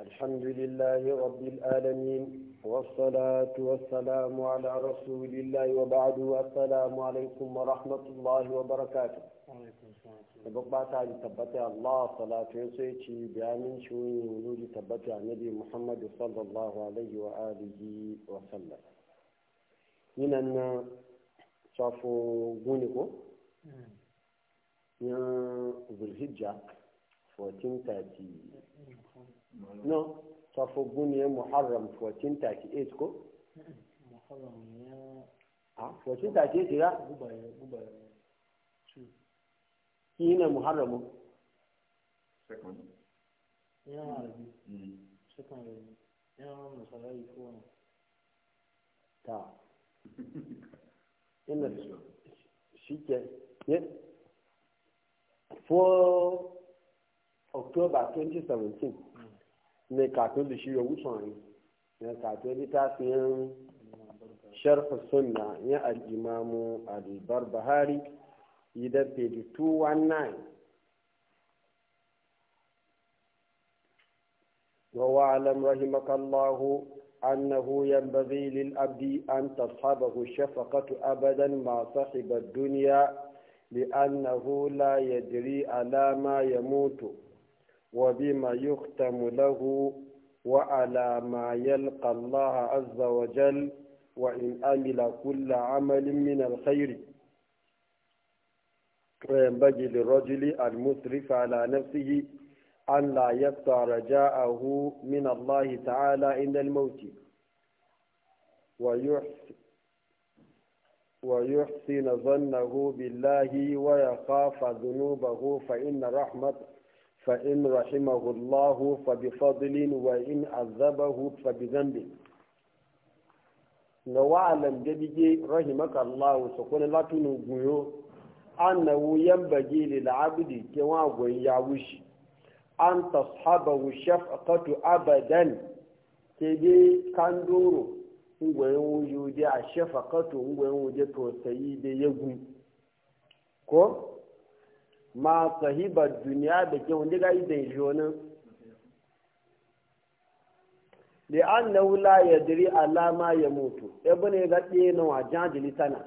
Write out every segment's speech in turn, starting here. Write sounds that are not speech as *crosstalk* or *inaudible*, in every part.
الحمد لله رب العالمين والصلاة والسلام على رسول الله وبعد السلام عليكم ورحمة الله وبركاته وبعد أن تبت الله صلاة يسيتي بأمن شوي ولود تبت النبي محمد صلى الله عليه وآله وسلم من أن شافوا غونيكو يا ذو الهجة 1430 no safo guniyar muharram 1438 ko? muharram ya a 1438 ya? shi ne muharramu? second ya arabi mm. second ya masarai kowane ta ina shi ke for october 2017 ne kafin da shi ya wuce wani ne kafin bahari idan page 219 wa alam rahimakallahu annahu yambazi lil abdi an tashabahu shafakatu abadan ma duniya dunya li annahu ya dire alama ya moto. وبما يختم له وعلى ما يلقى الله عز وجل وإن أمل كل عمل من الخير ينبغي للرجل المسرف على نفسه أن لا يقطع رجاءه من الله تعالى عند الموت ويحسن ويحسن ظنه بالله ويخاف ذنوبه فإن رحمة فإن رحمه الله فبفضل وإن عذبه فبذنب نوعلم جديد رحمك الله سكون لا تنقيو أنه ينبغي للعبد كما ويعوش أن تصحبه الشفقة أبدا كدي كان دورو ngwen wujudi a shafaqatu ngwen wuje to sayi da yagun ko ma sahibar duniya da ke wani gari da yi wani da an na wula ya diri alama ya mutu ebe ne ga ɗaya na wajen jilitana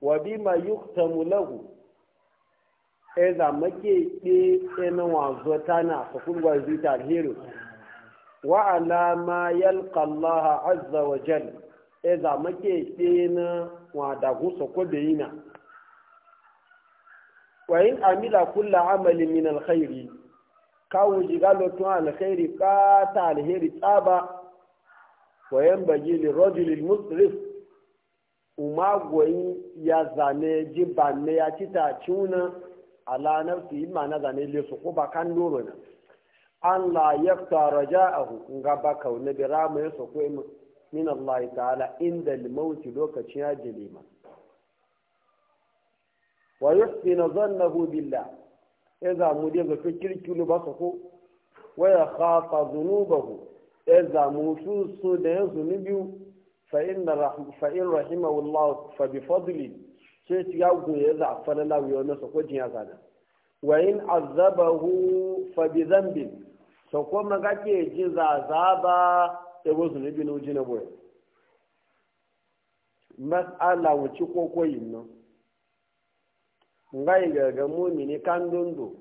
wa bi ma yi ta mulagu. e za make ɗaya e na wazo ta na kurwa zita alheri wa alama ya Allah azza wa jal e za make ɗaya na wadagun su yi na wayin amila kulla amali min alkhairi kawo jiga lotun alkhairi ta alheri tsaba wayan baji li rajul musrif uma goyi ya zane jibanne ya cita cuna ala nafsi ma na zane le su ko ba kan doro na an la yakta raja'ahu ga ba kauna bi rama ya so ko min Allah ta'ala inda al-maut lokacin ya jilima wa yusbina zannahu billah ya zamu dai ga kirkiru ba su ko wa ya khafa dhunubahu ya zamu su su da ya zunubi fa inna fa in rahimahu Allah fa bi fadli ce ci ga ku ya za fa la wiyo na ko jin ya zada wa in azabahu fa bi dhanbin so ko man ga ke ji za zaba ya go zunubi no jina boye mas'ala wuci ko koyin nan ngai ga ga mumini kan dondo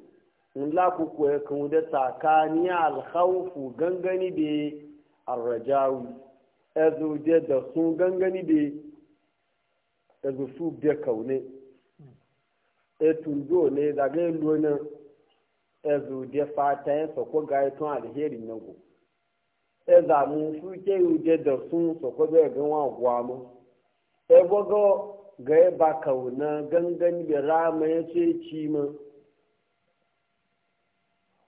nla ku e ku kun da tsakani al khawfu gangani be arrajawi azu de da su gangani be azu su de kaune e tundo ne da ga lona azu de fata e so ko ga e to alheri nan ku e za mu su ke u de da su so ko be ga wa gwa mu e bogo ga ba kauna gangan ya rama ya ce ci ma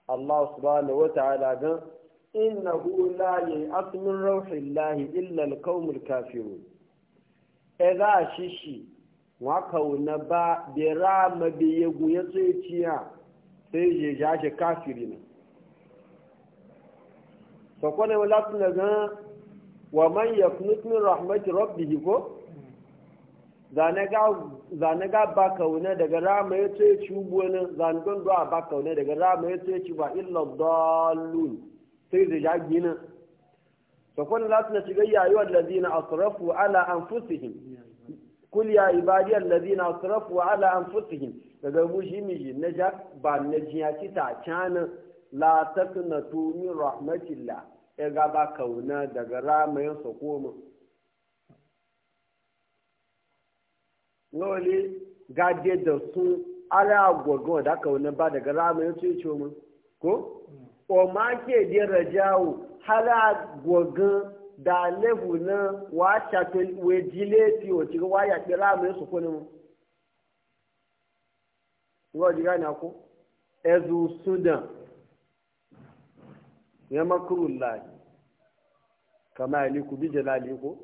Allah subhanahu wa ta'ala gan innahu la yai'atu min rauhillahi illa al E, za a shishi wa kauna ba da rama da ya ya ce ciya sai ya ja shi kafiri ne wa wala tuna gan wa man yaknut min rahmati rabbi ko zane ga ba kaune daga rama ya ce ci wani zane gondo a ba kaune daga rama ya ce ci ba illa dalun sai da ya gina sakon lati na shiga yayi wallazi na asrafu ala anfusihim kul ya ibadi allazi na asrafu ala anfusihim daga bushi miji na ja ba na jiya ci ta cana la taknatu min rahmatillah ya e ga ba kaune daga rama ya sakoma lole gade da su ala gwagwa da aka wani ba daga rama ya ce mu ko hmm. o ma ke da rajawo hala gwagwa da lebu na wa shafe wejile fi o ci wa ya ki rama ya su kone mu ngo ji gani ako ezu sudan ya makurullahi kama yaliku bi ko.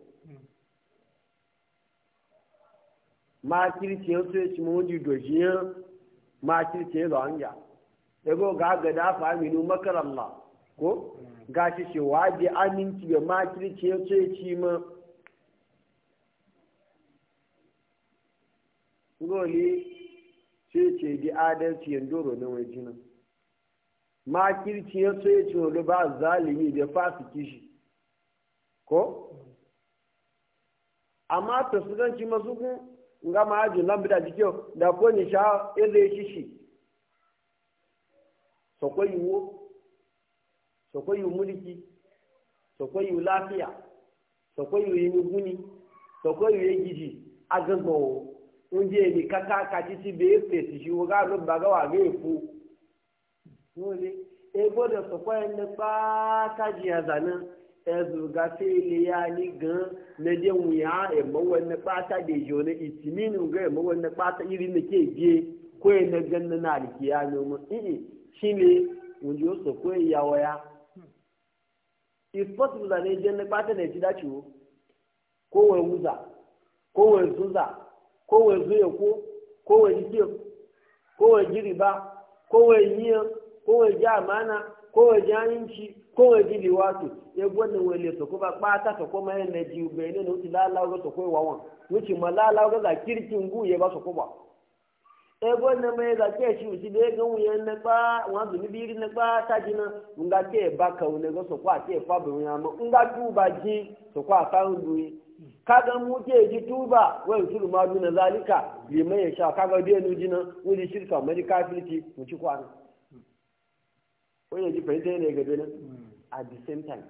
makirciyar su ya ci mawuji dojiyar makirciyar da hanya yago ga ga da faminu makar Allah ko ga shi shi waje aminci ga makirciyar su ya ci ma goli sai ce di adalci doro na wajina makirciyar su ya ci wani ba zalimi da fasu kishi, ko amma ta su masu kun nga ma aju da jikyo da ko ni sha ele shishi so ko yiwo so ko yu muliki so ko yu lafiya so ko yu yin guni so ko yu yigiji agagbo unje ni kaka ka ti be ti shi wo ga lo baga wa ge e fu no le e bo de so ko en pa ka ji azana ezugasị ile ya anyị gaa e e e na je nwunye ha emewe mmekpata da ejo na ga emewe mmekpata iri na ke je kwa na ganna na aliki ya noma ii shi ne wunji oso ya waya it's possible da na eti dace wo ko wai zuza ko wai zuya ko ko wai amana kowa gidi wato ya gwada wale su kuma ɓata ta kuma yin na jiyu bai ne wuce lalawa su kai wawan wuce ma lalawa ga ya ba su kuma ya gwada mai ga shi wuce da ya ga wuya na ba wani zuni biri na ta ji na nga ke ba ka wune ga fa ji kaga ji tuba wai turu ma duna zalika limai ya sha kaga dai nu na wuce shirka mai kafirci at the same time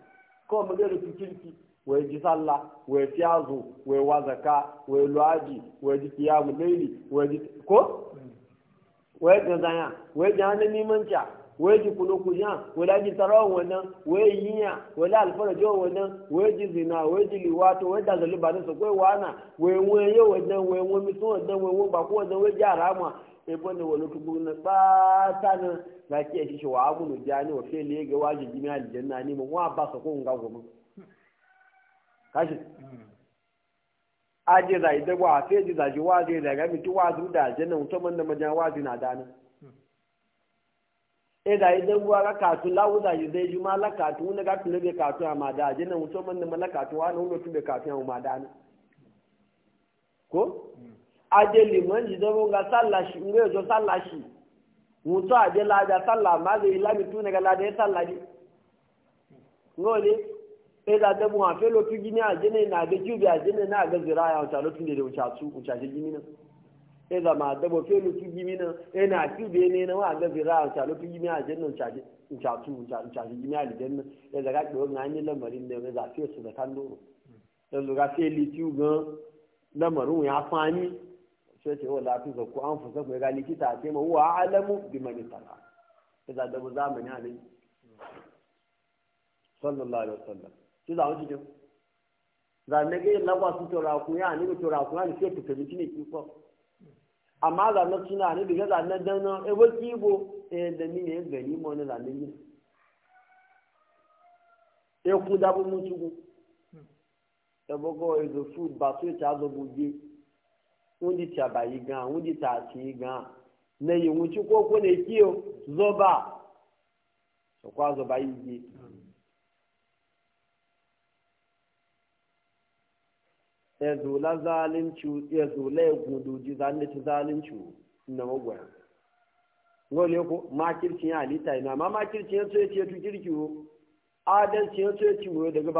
kawai magana su kirki wai ji sallah wai fi azu wai wazaka wai luwaji wai ji kiyamu laili wai ji ko wai ga zanya wai ji hannun nimanca wai ji kuno kujan wai laji tarawan wannan wai yiya wai la alfarajo wannan wai ji zina wai ji liwato wai dazali ba da su kai wana wai wai yau wannan wai wani sun wannan wai wani bako wannan wai ji arama ebo ne wani tubu na tsata na za ki yashi shi wa amunu jani wa fe le ga waje jimi aljanna ni mu, wa ba sa ko nga goma kashi aje da ida wa fe ji da ji wa je da ga mi tu wa du da aljanna mutum man da majan wa na dana e da ida wa ga ka tu lawu da ji dai juma la ka tu ne ga tu ne be ka tu ma da aljanna mutum man da malaka tu wa ne hulo tu be ka tu ma dana ko mm. adeli man ji zama ga sallashi in ga zo sallashi sálà a jela da salla ma zai lami tuna ga ladai salla ne ngole sai da dabu ha fe lotu gini a jene na ga kiubi nà jene na ga ziraya wata lotu da wuce su wuce ji gini nan sai da ma dabu fe lotu mi nan sai na kiubi ne na wa ga ziraya wata lotu gini a jene wuce wuce su wuce ji gini a lijanna sai da ga kiwo ga ni lamarin su sai ce wala tu zakku anfusakum ya ga likita ce ma huwa alamu bi biman ittaqa kaza da bu zamani ne sallallahu alaihi wasallam shi za wuce ne za ne ga lawa su tura ku ya ne tura ku ne sai tuka miki ne ko amma za na tuna ne daga za na dan e waki bo e da ni ne gani mo ne za ne ni e ku da bu mu tugu da bogo e do e food ba so ta zo buje wundi ta bayi gaa wundi ta ci gaa na yi wuci ko ko ne zoba so zoba yi ji ya zula zalimci ya zula ya guduji zalunci zalunci na magwaya ko ya halitta ina ma makircin ya so ya ce tu ya so daga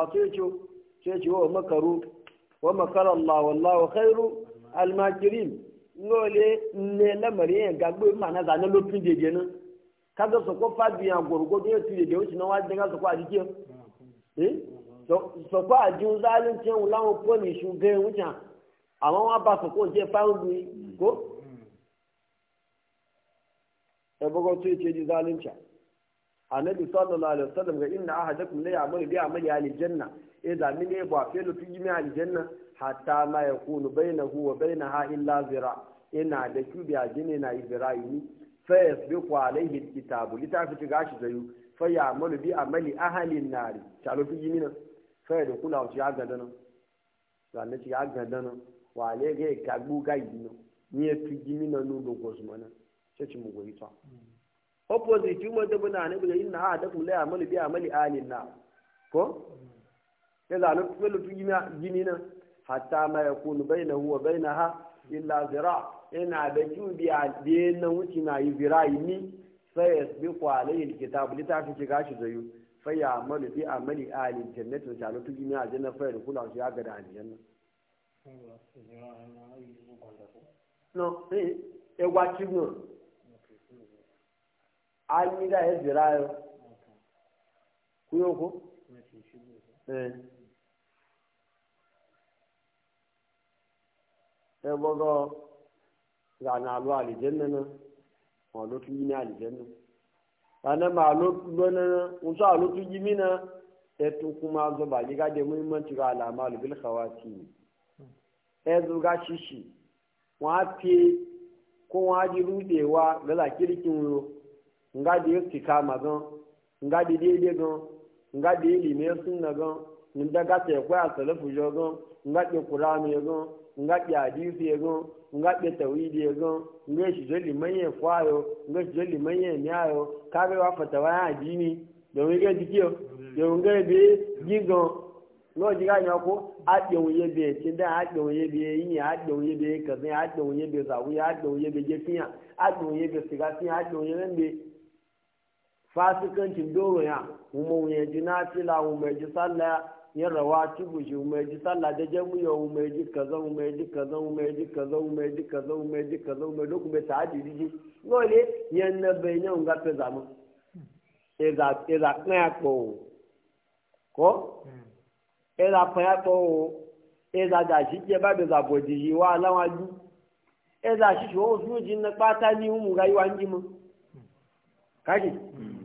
ba makaru almakirin ngole ne lamari en gagbo mana za na lopin de de nan kaga so ko fa biya gorgo de tu de wuci na wajin ga so ko adike eh so so ko ajun zalin tin wala ko poni shu ga wuci amma wa ba so ko je fa ngi ko mm. e bogo tu ce di zalin cha annabi sallallahu alaihi wasallam ga inna ahadakum la ya'malu bi amali ahli janna idza min yaba fi lutu jimi ahli janna hatta ma yakunu bainahu wa bainaha illa zira ina da kubi a jini na ibrahimi fa yasbiqu alaihi alkitabu tafi gashi zayu fa ya'malu bi amali ahli an-nar talo fi jimi na fa da kula wuce ya gada nan zanne ci ya gada wa le ga kagbu ga yi no ni e fi jimi na nu do gosmana ce ci mu goyi ta opposite mo da ne inna kula ya biya mali alin na ko ya zalu kullu gina gini na hatta ma yakunu bainahu wa bainaha illa zira ina da jubi a na na yi zira ni sai litafi ki gashi ya bi mali alin da da an yi da ya jira yau kuyo ko? ya bago rana alu alijanna na ma lotu yi na alijanna ranar ma lotu na wasu a lotu yi mina ya kuma zo ba giga da muhimmanci ga alama albil khawati ne ya zo shishi wa fi ko wa ji rudewa ga la kirkin wuro nga da istikama gan nga da daidai gan nga da ilimin sunna gan nga ga ta kwaya salafu jo gan nga da qur'ani gan nga da hadisi gan nga da tawhidi gan nga shi jali manye kwayo nga shi jali manye nyayo ka ga wa fatawa ya dini da wani ga dikiyo da wani ga be gigan no jiga nya ko a da wuye be tin da a da wuye be yin a da wuye be kazin a da wuye be zawu ya da wuye be jefiya a da wuye be sigasin a da wuye be fasikancin doro ya umu ya ji nafila umu ji sallah ya rawa tubu shi ji sallah da jamu ya umu ji kaza umu ji kaza umu ji kaza umu ji kaza umu ji kaza umu duk be ta di ji gole yan na be ne unga pe zamu e za ko ko e za pa ko da shi je ba be za yi wa lawa ju e shi wo su na pata ni umu ga yi wa kaji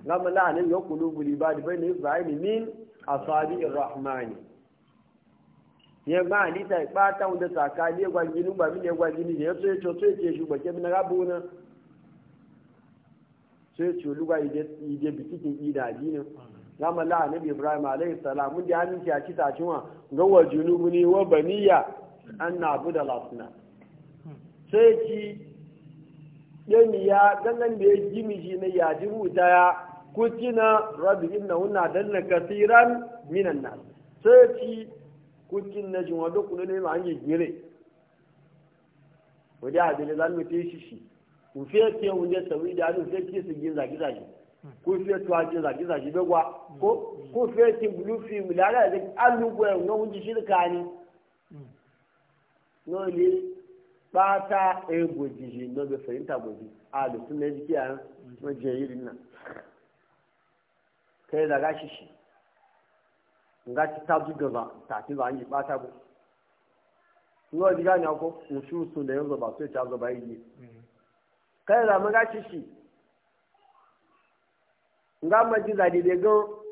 gama la'anin ya kulu guliba da bai na isra'ili min asabi rahmani ya ma ta ba ta wanda tsakani ya gwangini ba mini gwa ginin, da ya so ya ce so ya ce shi bakin na rabu na so ya ce luga ide bitikin ida adinin gama la'anin ibrahim alayhi salam mun da ya minci a ci wa ga wa ne, wa baniya an na abu da lasuna sai ci ɗani ya ganin da ya ji miji na yaji huta ya kutina rabi inna hunna danna kasiran minan nas sai kutin na jin wado kuno ne ma anje gire wadi a dole zan mutu shi shi ku fiye ke wunde tawi da hannun sai ki su gin zagi zagi ku fiye tuwa giza zagi shi begwa ko mm. ku fiye ti bulu fi milara da an lugu ya wunga wunji shirka ni mm. nole bata ego eh, jiji no be fahimta gobi a da sun ne jiki a mm. majiyayirin nan kai da gashi shi nga ti tabu gaba ta ti ba ni ba ta bu ruwa diga ni ko mushu su da yanzu ba sai ta gaba yi kai da mun gashi shi nga ma ji da de go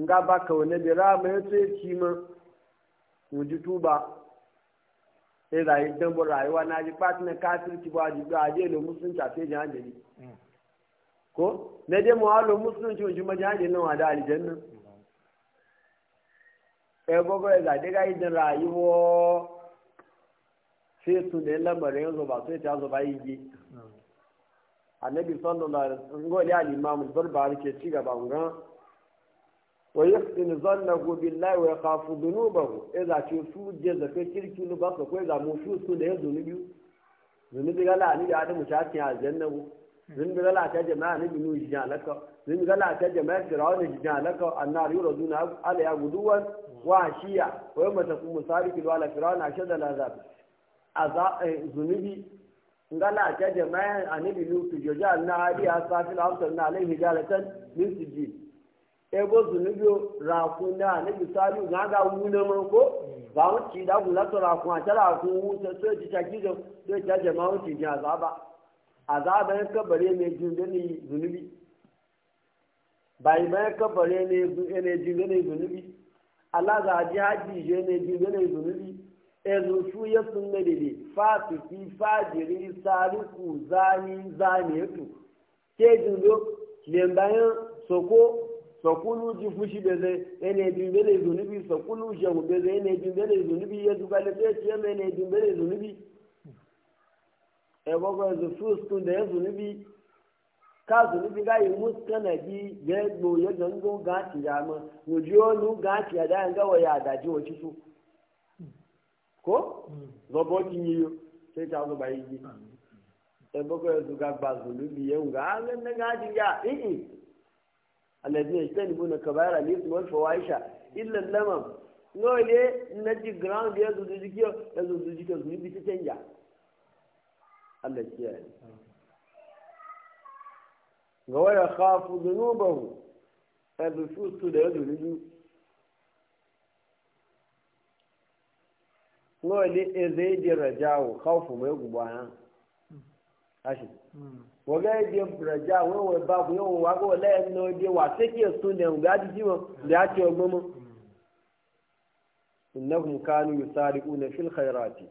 nga ba ka wani bi ra mai sai ci ma mu ji tuba sai da yi dan rayuwa na ji fatina kafirci ba ji da je ne musunta sai ji hanjali ko na dai muhallo musulunci wajen majalisar nan wa da aljanna ɗaya eh, gogo ya zaɗi ga yi rayuwa sai su ne lamarin yanzu ba sai ta zuba yi ji annabi sallallahu alaihi wasallam gole al-imam al-barbari ke ci gaba ngan wa yaqtin zannahu billahi wa ba ku idza ci su je da kirki lu ba ko idza mu su su da zunubi zunubi gala ni da adamu ta ci aljanna zimbi gala ta jama'a ni binu shi jan laka zimbi gala ta jama'a firawun shi jan laka annar yura duna ala ya guduwan wa shiya wa mata ta kuma sariki da ala firawun a shadda lazab zunubi gala ta jama'a ani binu tu joja na hadi a safil hamsar na alaihi jalatan min sijji ego zunubi rakuna ani bisali na ga wuna man ko ba mu ci da gula to rakuna ta rakun wuta ya ji ta kizo ya ta jama'a ci jan azaba azaban kabare ne jingane zunubi bai mai kabare ne jingane zunubi Allah za ji haji je ne jingane zunubi ezu su ya sun ne dede fasiki fajiri saliku zani zani yato ke jingo bayan soko sokulu ji fushi beze ene jingane zunubi sokulu je hubeze ene jingane zunubi ya zuba dubale sai ce ene jingane zunubi ẹ̀wọ́gbọ́n ẹ̀sùn fúrúsùn dẹ̀ ẹ̀sùn níbi káàsùn níbi káyì mùsùlùmí bí gẹ́gbò yẹ́gbẹ́ ń gún gáàtì yá mọ́ òjò ọ̀nù gáàtì yá dáhùn gáwọ̀ yá àdájú òjì fún. kó lọ́bọ̀ ti yin yo ṣé kí a lọ́ba yìí yé ẹ̀wọ́gbọ́n ẹ̀sùn ká gba sùn níbi yẹn ńgá alẹ́ ga yá ìhìn alẹ́ bí ẹ̀ṣẹ́ nìbó na kàbáyà ní ìsúnmọ́ ìfọwọ́ àyíṣà ilẹ̀ lẹ́mọ̀ ní ọ̀lẹ́ nẹ́tì gíráùndì ẹ̀sùn tó ti kí ẹ̀sùn tó ti kí ẹ̀sùn níbi títẹ̀ ń Allah kiyaye ga waya khafu dhunubahu sai su su da yadu rubu ne le zai ji rajawo khafu mai guba gubana ashi waga ji rajawo wa ba ku yo wa go le no di wa sake su ne ga ji jimo da ya ce gbomo innahum kanu yusariquna fil khairati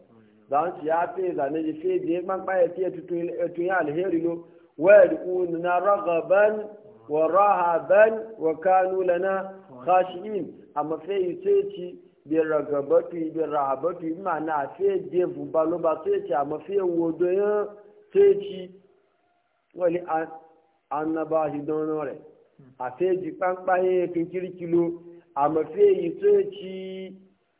zan ci ya fe zane ji fe je man kpaye fiye tutun ya alheri yo wayar na ragaban wa rahaban wa kanu lana khashi'in amma fe yi ce ci bi ragabatu bi rahabatu ma na fe je bu balo ba ce ci amma fe wo do ya ce ci wali annaba shi don nore a fe ji kpankpaye kin kirkilo amma fe yi ce ci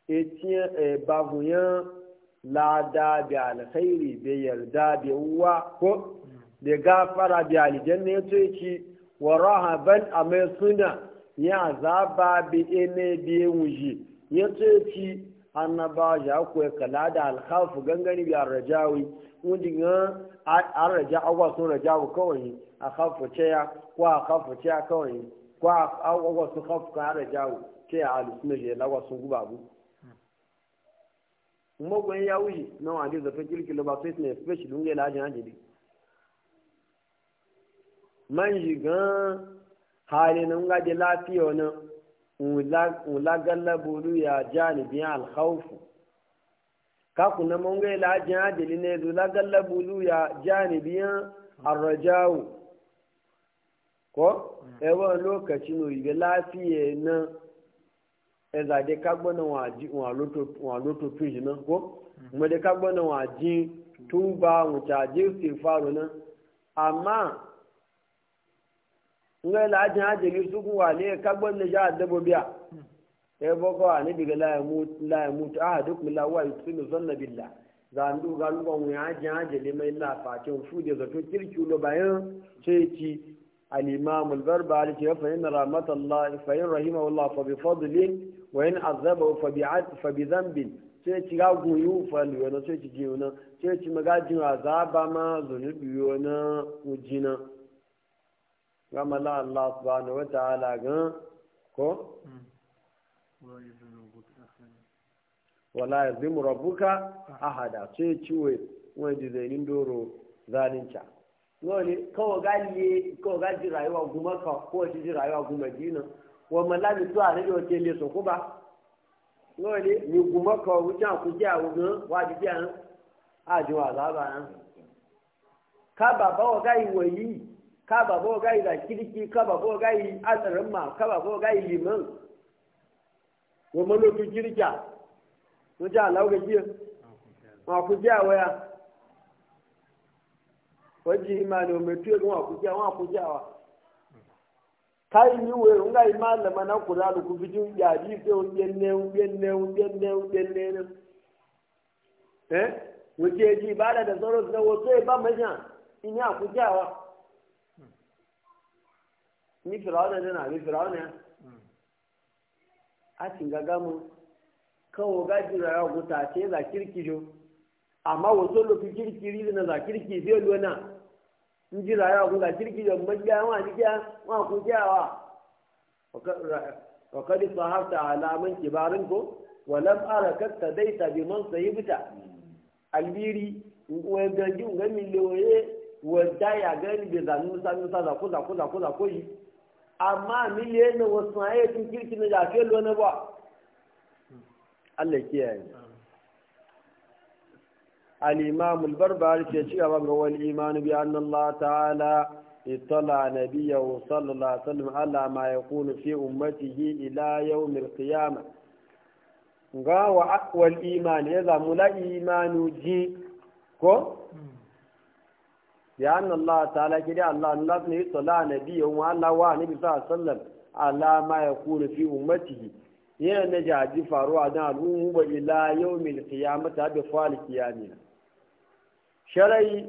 etien babuyan e lada bi alkhairi bi yarda bi uwa ko bi gafara bi aljanna yato ki wa rahaban amai suna ya zaba bi ene bi wuji yato yake annaba ya ko kala da alkhafu gangani bi arjawi wudi ga arja agwa sun rajawu kawai a khafu ceya ko a khafu ceya kawai ko agwa sun khafu ka arjawu ce alusuna je lagwa sun gubabu mogon ya wuyi na wani zafin kirkilo ba sai ne fresh dunge lajin hajjidi man yi gan hali na ngaje lafiya wani ulagalla bulu ya ja ni janibin alhaufu kaku na monga lajin hajjidi ne ulagalla bulu ya ja ni janibin arrajawu ko mm. ewa lokaci no yi lafiya na ẹ̀zà de kágbọ́ náà wọ́n àjí wọn àlótó tó yìí náà kó mo de kágbọ́ na wọ́n àjí tó ń bá àwọn tí àjí sì fárò náà àmà ńlẹ́ làájì àjèlé sókùn wà ní kágbọ́ náà yá àdẹ́bò bíà ẹ bọ́kọ́ tó láwọ́ zandu ti الإمام الغرب كيف فإن رحمة الله فإن رحمه الله فبفضل وإن عذبه فبعد فبذنب sai ga goyo fali wani sai ci ji wani sai ci magajin azaba ma zunubi wani ujina gama la Allah subhanahu wa ta'ala gan ko wala yazim rabuka ahada sai ci wai wani dizainin doro lóòní kọ́wọ́ ká lé kọ́wọ́ ká di ràyíwá ogun mọ́kàn kọ́wọ́ ti di ràyíwá ogun mẹ́dínà wọ́n mọ láti tó àríwá ti lè sọ̀kún bá lóòní ní a mọ́kàn òun tí àwọn kò jẹ́ àwọn gan wá di bí àwọn àjọ àlábà hàn. gai bàbá ọ̀gá ìwọ̀ yìí ká bàbá ọ̀gá ìlà kíríkí ká waji imani umetuye kwa kujia wa kujawa kai ni we unga imani mana kurani kubiju jadi se ungenne ungenne ungenne ungenne eh wuce ji ibada da sauransu na wasu ba ya kujawa ni firawuna ne ni firawuna a cin mu kawo gaji rayuwa guta ce za amma wasu kirkiri na za kirki zai in ji rayuwa kun ga kirki da magiya wa nikiya wa ku kiyawa wa kadi sahabta alaman kibarin ko wa lam ara katta daita bi man sahibta albiri wa ganji ga miloye wa daya gani da zanu sanu sada kuza kuza kuza yi amma miliyan wasu ayyukan kirki na jafe lona ba hmm. Allah kiyaye al’imam albarbari ke ci gaba ga wani imanu bi an Allah ta'ala itala na biya wa alama ya kunu fi ummati yi ila yau milkiyama ga wa akwal imani ya zamu la imanu ji ko ya an Allah ta'ala gidi Allah na lafi itala na biya wa Allah wa nabi sallallahu alama ya kunu fi ummati yi yana na jaji faruwa don al'ummu ila yau milkiyama ta bi fa'al kiyamina sharai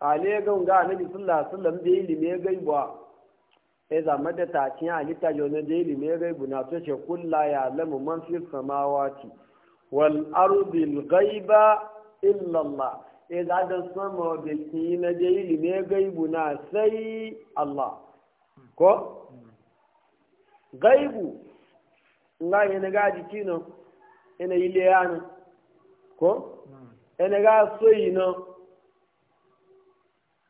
A ale ga ga annabi sallallahu alaihi wasallam da ilimi ya gaiba ya zama da tacin halitta yana da ilimi ya gaibu na to ce kulla ya lamu man fi samawati wal ardi al ghaiba illa Allah ya eh, da da sama da na da ilimi ya gaibu na sai Allah ko gaibu nga yana ga jikino Ina ile yana ko ene ga so yi no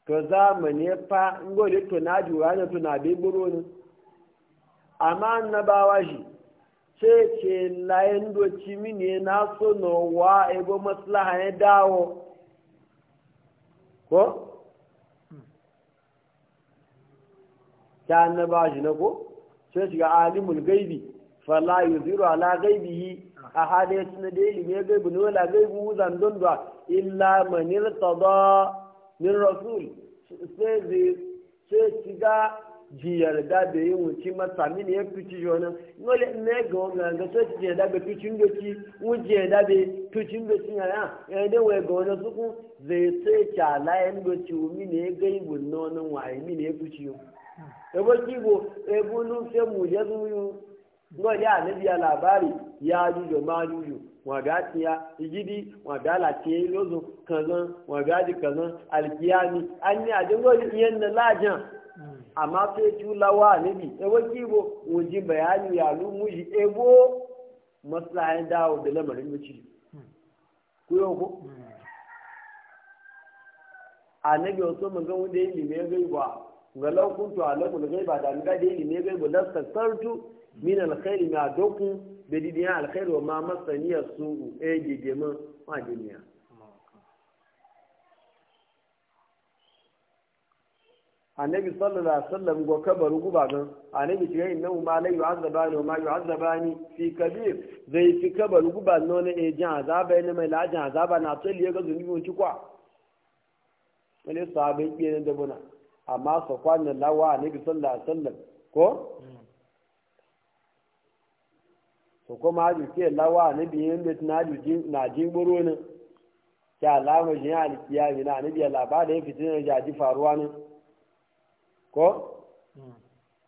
to zamani fa ngole to na ju ana to na be buru ne amma annabawa shi ce ce layin doci mini na so no wa ego maslaha ya dawo ko ta annabawa shi na ko sai shiga alimul gaibi fala yuziru ala gaibihi a hali na da ilimi ya gaibu ne wala gaibu zandon da illa manir tada min rasul sai zai sai shiga ji yarda da yin wuce masa min ya fici jona nole ne ga wani ga sai ji yarda da tucin doki wuje yarda da tucin doki ya ya ya wai ga wani suku zai sai ta layan doki min ya gaibu nonon wa min ya fici yo ebo kigo ebo lu mu ya zuyu ngo ya ne biya labari ya jujo ma jujo wa ga tiya igidi wa ga la tiye lozo kazan wa ga di kazan alkiyami an ni a dingo yen na lajan hmm. amma sai lawa ne bi e waki bo wuji bayani ya lu muji e bo maslahan dawo da lamarin muci ku yo ko annabi wasu mun ga wanda yi ne ga ba ga lokun a alaku ga ba da ga da yi ne ga ba lastar sartu min alkhairi ma doku be didiya alkhairi wa ma masaniya su e gegema ma duniya annabi sallallahu alaihi wasallam go kabaru guba gan annabi ce yayin nan ma la yu'azzabani wa ma yu'azzabani fi kabir zai fi kabaru guba non e jan azaba ne mai lajan azaba na tsali ga zunubi mun ci kwa wani sahabbai ke da buna amma su kwanan lawa annabi sallallahu alaihi wasallam ko hmm. ko kuma haju ke lawa ne bi yin da tunaju na jin buru ne ke alama jin alkiya ne na ne bi labara ya fitina ja ji faruwa ne ko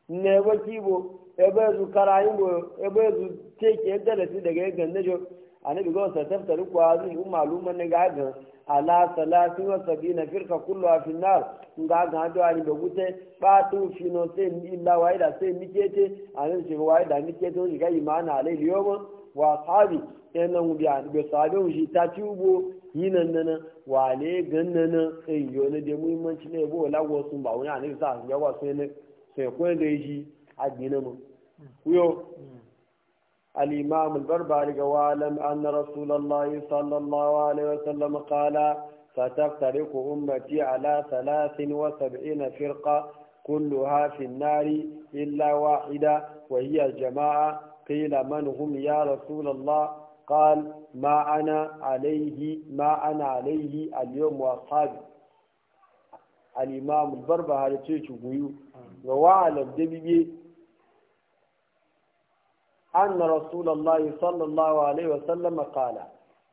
ne ba kibo ebe zu karayin go ebe zu teke yadda da daga yadda ne jo anabi go sa taftaru kwa zu maluman ne ga ga ala salasin wa sabina firka kullu a finnar nga ga hado ani be gute batu fino se illa ida se mikete anan shi waida mikete ni ga imana alai liyoma wa sabi yana mu biya be sahabi shi ta tubo yinan nan wale gannan sai e yone da muhimmanci ne bo lawo sun ba wani annabi sa ya wasu ne sai ko da yi a dinamo kuyo mm. الإمام البربري واعلم أن رسول الله صلى الله عليه وسلم قال ستفترق أمتي على ثلاث وسبعين فرقة كلها في النار إلا واحدة وهي الجماعة قيل من هم يا رسول الله قال ما أنا عليه ما أنا عليه اليوم وأصحابي الإمام البربري تشوفوا وعلم دبيبي أن رسول الله صلى الله عليه وسلم قال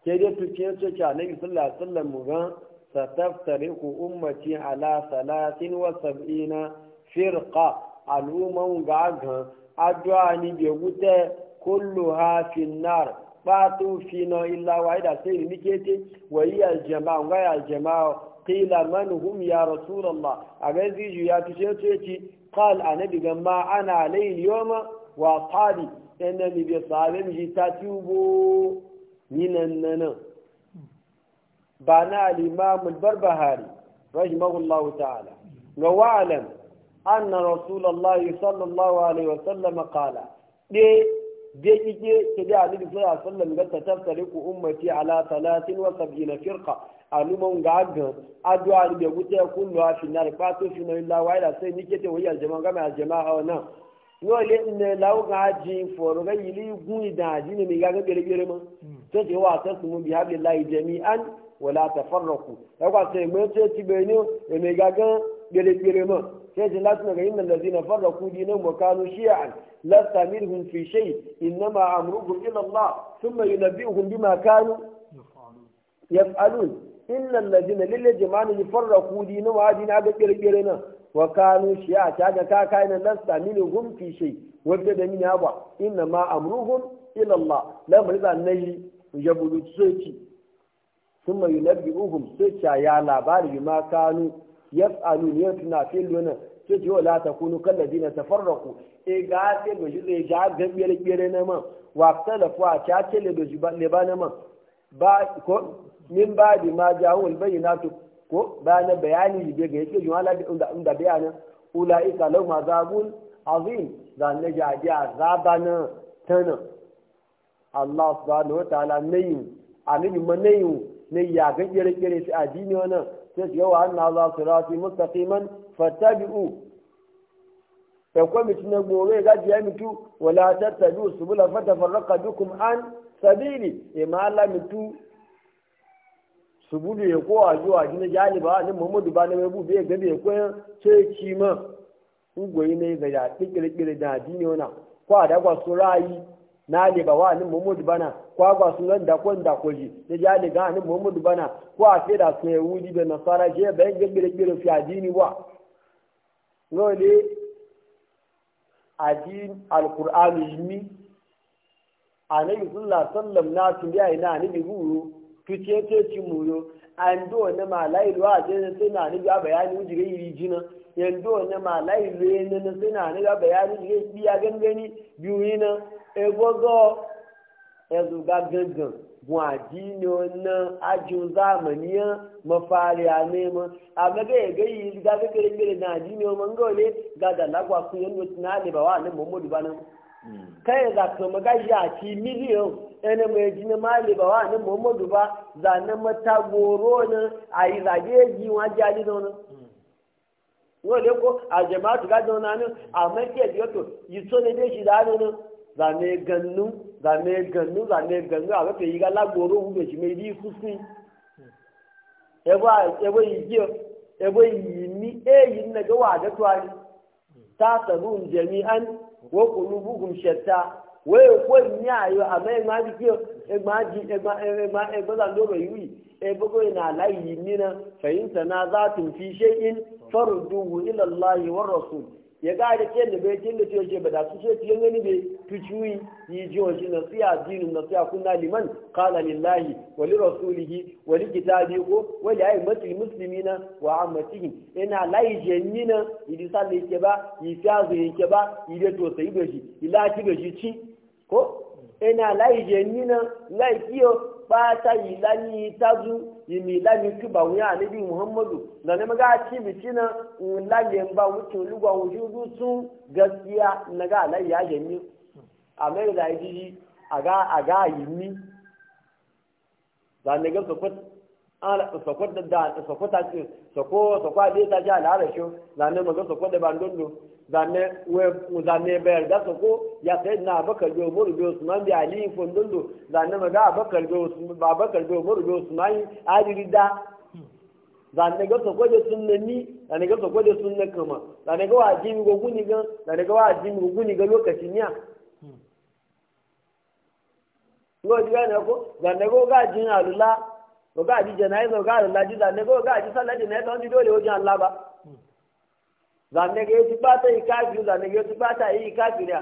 كده تكيسك عليه صلى الله عليه وسلم مغان ستفترق أمتي على ثلاث وسبعين فرقة الأمم قاعدها أدواني بيوتا كلها في النار فاتوا فينا إلا واحدة سير نكيتي وهي الجماعة وهي الجماعة قيل من هم يا رسول الله أغازي يا تشيتي قال أنا بما أنا عليه اليوم وأصحابي ɗan mi bai sahabe mi ji ta tubo yinan nan ba na al'imamul barbahari rahimahullahu ta'ala ga wa'alam anna rasulallahi sallallahu alaihi wasallam qala de de ike ke da annabi sallallahu alaihi wasallam ga ta tafsiri ku ummati ala 73 firqa alumun ga ga adwa da gute kullu fi nar fatu fi nar la wa'ila sai nike te wayar jama'a a jama'a wannan yóò lé ǹdẹ làwọn kan á fọ̀rọ̀ ká yìí gún ìdàn àjí nìmi ká ká gbèrègbèrè mọ́ tó ti wà tó mú bí hábi la ìjẹ̀mí án wọ̀lá àtàfọ̀rọ̀kù ẹ̀kọ́ àti ẹgbẹ́ tó ti bẹ̀rẹ̀ ní èmi ká mọ́ tó ti láti nàgà yìí nàlẹ́ sí nàfọ̀rọ̀kù di iná mọ̀ kánú ṣíà lẹ́sà fi ṣe yìí nàbí bí kánú yẹf wa kanu shi a ga ka kai nan lasta minhum fi shay wanda da min ya ba inna ma amruhum ila Allah la mariza nayi yabulu tsoci thumma yunabbi'uhum tsoca ya labari ma kanu yaf'alu yatna fil luna ce ce wala takunu kallazina tafarraqu e ga ce do ji e ga ga biyar biyar na ma wa talafu a ta ce le do ji ba ne ba na ma ba ko min ba di ma jawul bayyinatu ko bayan bayani da ga yake jumala da inda bayanin ulaika lahum azabun azim zanne jadi azabana tana Allah subhanahu wa ta'ala nayi annabi manayi ne ya ga kire kire shi dini wannan sai yawa anna su rafi mustaqiman fattabi'u yakwai mutum na gobe ga jiya mutu wala tattabi subula fatafarraqa bikum an sabili e ma mutu subulu ya ko a zuwa gina jaliba ne muhammadu ba na mai bube ya gabe ko sai ci ma ugoyi na ga ya tikirkir da addini wana ko a dagwa su rayi na le wa ni muhammadu bana ko agwa su ran da kon da koji ne jali ga muhammadu bana ko a sai da su yahudi da nasara je bayan gabe fi addini wa lole addin alqur'ani yimi annabi sallallahu alaihi wasallam na ina fice ce ci muyo an do ne ma lai ruwa je ne na ni ga bayani ji ga yiri jina yan do ne ma lai ruwa ne ne sai na ni ga bayani ji ga biya gan gani biyu yina e gogo e zu ga gangan na ajun ya mafariya a ga ga ga yi ga ga na dino man gole ga da lagwa na ne ba wa ne ba nan hmm. ga ya ci miliyan ɗana mai jini mali ba wa nan muhammadu ba za zanen mata goro nan a yi zage ji wa jali da wani yau da ko a jama'atu ga da wani a mafiya da yato yi so ne dai shi da hannun zane gannu zane gannu zane gannu a mafiya yi ga lagoro hube shi mai bi kusi ebo yi giyo ebo yi ni e yi na ga wa da tuwani ta sarun jami'an wa kulubuhum shatta wee kwe nye ayo ama egba ji kiyo egba ji egba egba egba da ndoro yui ebogo ina la yimina fa in tanazatum fi shay'in farduhu ila Allah wa rasul ya ga da ke da kin da ce ba da su ce tiyan gani bai tuchuyi yi wa shi na siya dinu na siya kunna liman kala lillahi wa rasulihi wa li kitabi ko wa li musulmi na wa ammatihim ina na yi idi salle ke ba yi fiazu yake ba yi da to sai da shi ila ki da shi ci ko ina jenni na layi kiyo bata yi lani tazu yi mi lani ba wuya bi muhammadu na ne maga ci ci na lani ba wucin lugwa wujudu sun gaskiya na ga alayi ya jami a mai da yi a ga yi mi da ne ga su ala sako da da sako ta ce sako sako da ta ja la rasho zanne maga sako da bandondo zanne we zanne bayar da sako ya sai na bakar go mur go usman bi ali fondondo zanne maga bakar go usman ba bakar go mur go usman ali da zanne ga sako da sunna ni zanne ga sako da sunna kama zanne ga wajibi go guni ga zanne ga wajibi go guni ga lokacin ya Ngo diga ne ko zanne go ga jin alula ọgá àti jẹnáyìí ọgá àti lajú zanẹgẹ ọgá àti sálẹjì nẹẹtọ ní lóòlì ojú àńlá bá zanẹgẹ etí pátá yìí káàkiri zanẹgẹ etí pátá yìí káàkiri à